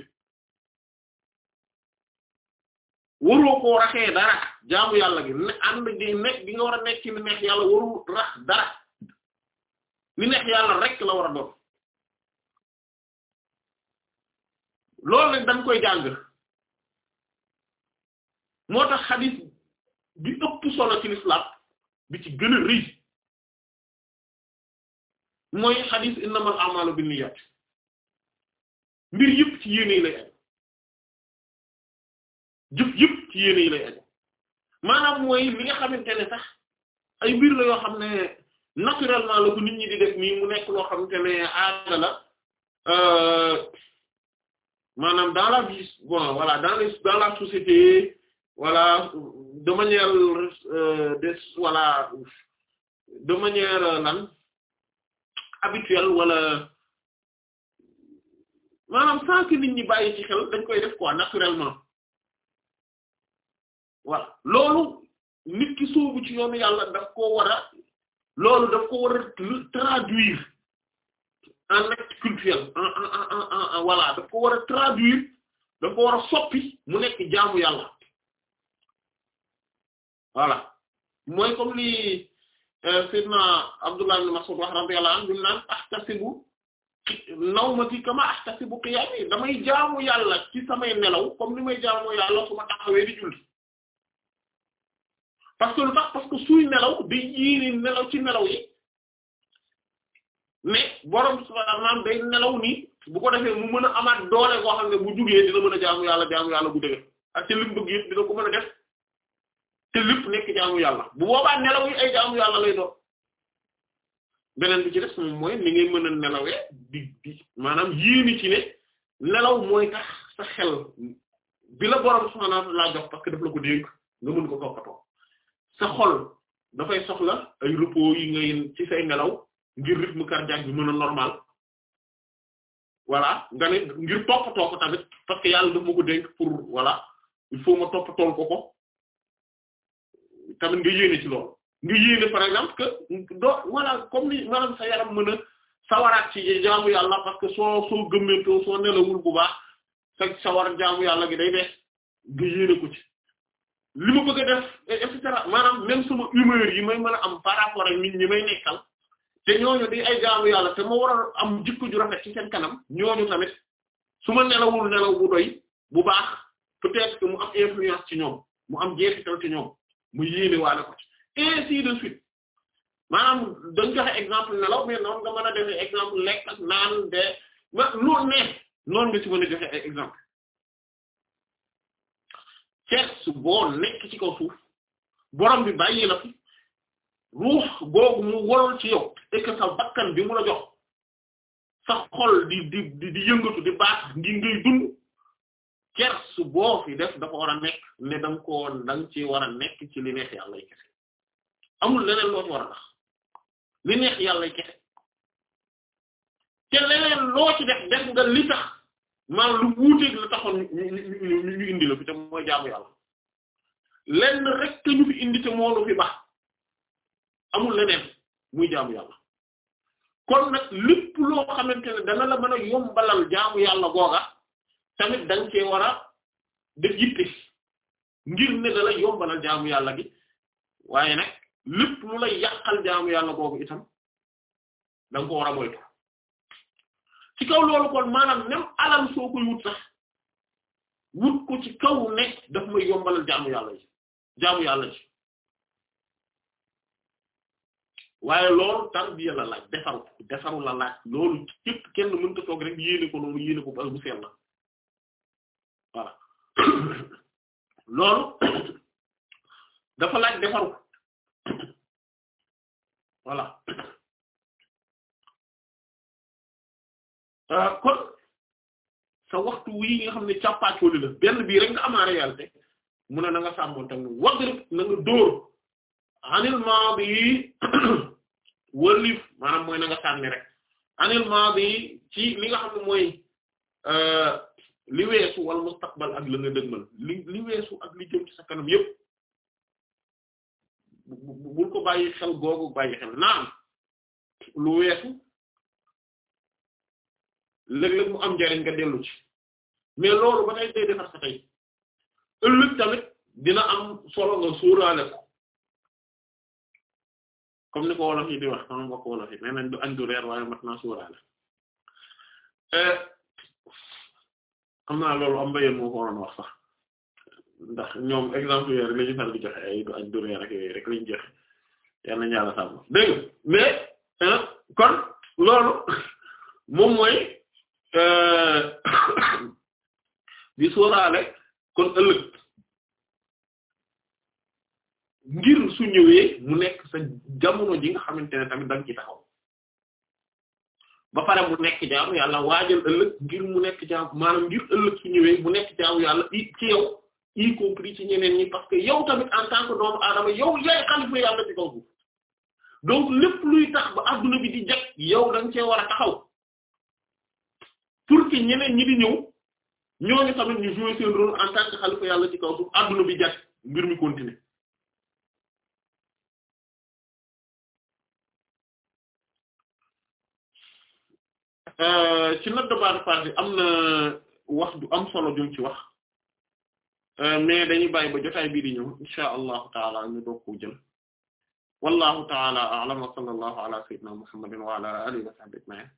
waroo koo raxee dara jaamu yàlla gi ne ànd gi nekk gi war a nekk ci ni neex yàlla waru rax dara ni neex yàlla rek la war a doon loolu nag dañ koy jàng moo tax xadis bi ëpp solo ci bi ci gën rëy mooy xadis innamal a'malu binniyat mbir yëpp ci yéene lay aju jëf yëpp ci yéene lay aju maanaam mooy li nga xamante ne ay mbir la yoo xam ne naturellement la bu nit ñi di def nii mu nekk loo xam ne aada la euh, maanaam dans la bon voilà dans société voilà de manière euh, des voilà de manière euh, lan habituel wala maanaam sans que nit ñi bàyyi ci xel dañ koy def quoi naturellement voilà loolu nit ki sóobu ci yoonu yàlla daf ko war a loolu daf ko war a daf ko war soppi mu nekk jaamu yàlla voilà mooy comme ni Euh, Seydina Abdullah ibn Mas'ud wax radiyallahu anhu naan ahtasibu nawmati kama ahtasibu qiyami damay jaamu yàlla ci samay nelaw comme ni may jaamu yàlla su ma taxawee di julli parce que lu tax parce que suy nelaw day yéene nelaw ci nelaw yi mais borom subhaanahu wa ta'aala day nelaw nii bu ko mu mën a amaat doole koo xam ne bu jugee dina mën a jaamu yàlla jaamu yàlla bu dëgg ak ci li dina ko mën a def. te lépp nekk jaamu yàlla bu boobaa nelaw yi ay jaamu yàlla lay doon beneen bi ci def moom mooy ni ngay mën a nelawee di di maanaam yéene ci ne nelaw mooy tax sa xel bi la borom subhaanahu wa parce que ko dénk nga mën ko toppatoo sa xol dafay soxla ay repos yi ngay ci say nelaw ngir rythme cardiaque bi mën a normal voilà nga ne ngir toppatoo ko tamit parce que yàlla daf ma ko dénk pour voilà il faut ma toppatoo ko ko. tamit nga yéene ci loolu nga yéene par exemple que doo voilà comme ni maanaam sa yaram mën sawaraat ci jaamu yàlla parce que soo soo gëmmentoo soo nelawul bu baax sa sawar jaamu yàlla gi day dee nga yéene ko ci ma bëgg def et cetera mën a am par rapport ak nit ñi yàlla te ma am jikko ju rafet ci seen kanam ñooñu tamit su ma nelawul nelaw bu doy bu baax peut-être que mu am influence ci ñoom mu am jeexital ci ñoom mu yéene waale ko ci ainsi de suite maanaam dañ joxe exemple nelaw mais noonu nga mën a defee exemple lekk naan de ma nga ci mën a joxe exemple certes boo nekk ci kaw suuf borom bi bàyyi la fi ruux googu mu warul ci yow et que bakkan bi mu la jox sa xol di di di yëngatu di baax ngir ngay dund kersu boo fi def dafa war a nekk ne da nga war a nekk ci li neex yàlla kese amul leneen loo ci war a tax li neex yàlla kese te leneen loo ci def def nga li tax maanaam lu wuuteeg la taxoon ñu ñu indi la fi te mooy jaamu yàlla lenn rek te ñu fi indi te moo lu fi baax amul leneen muy jaamu yàlla kon nag lépp loo xamante ne dana la mën a yombalal jaamu yàlla googa tamit da nga cee war a ngir ne da yombalal jaamu yàlla gi waaye nag lépp lu lay yàqal jaamu yàlla boobu itam da nga ko war moytu ci kaw loolu kon maanaam même alal soo koy wut sax wut ko ci kaw ne daf may yombalal jaamu yàlla jaamu yàlla ji waaye loolu tarbiya la laaj defaru defaru la laaj loolu képp kenn mënta toog rek yéene ko loolu yéene ko ba bu seen la voilà loolu dafa laaj defaru voilà euh, kon sa waxtu wii nga xam ne càppaacoli la benn bii rek nga am en réalité mu ne na nga sàmmoon tam wadrib na nga dóor anil madi mooy na nga sànni rek anil madi ci li nga xam ne mooy euh, li weesu wal mustaqbal ak la dëgmal li li weesu ak li jëm ci sa kanam yépp bul ko bàyyi xel googu bàyyi xel naam lu weesu léeg-léeg mu am njariñ nga dellu ci mais loolu ba tey day defar sa tey ëllëg tamit dina am solo nga suuraale ko comme ni ko wolof yi di wax sama mbokk wolof yi nee nañ du añ du reer waaye mat naa suuraale euh, am naa loolu am ba moo ko waroon wax sax ndax ñoom exemple yooyu rek la ñu faral di joxe ay ak durée rek yooyu rek la kon loolu moom mooy euh, di sóoraale kon ëllëg ngir su mu nekk sa jamono ji nga xamante tamit da nga ba pare mu nekk jaamu yàlla waajal ëllëg ngir mu nekk jaamu maanaam ngir ëllëg su ñëwee mu nekk jaamu yàlla i ci yow i compris ci ñeneen ñi parce que yow tamit en tant que doomu aadama yow yaay xalifa yàlla ci kaw donc lépp luy tax ba adduna bi di jag yow da nga cee war a taxaw pour que ñeneen ñi di ñëw ñooñu tamit ñu jouer seen rôle en tant que xalifa yàlla ci kaw suuf adduna bi jag mbir mi continuer Euh, ci note de bas am na wax du am solo jum ci wax euh, mais dañuy bàyyi ba jotaay bii di ñëw insha allahu taala ñu doog ko jël taala a'lam wa sallallahu ala sayyidina muhammadin wa ala alihi wa sahbihi ajma'in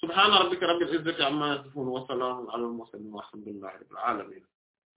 subhana rabbika rabbil izzati amma yasifun wa salamun ala al mursalin walhamdulillahi rabbil alamin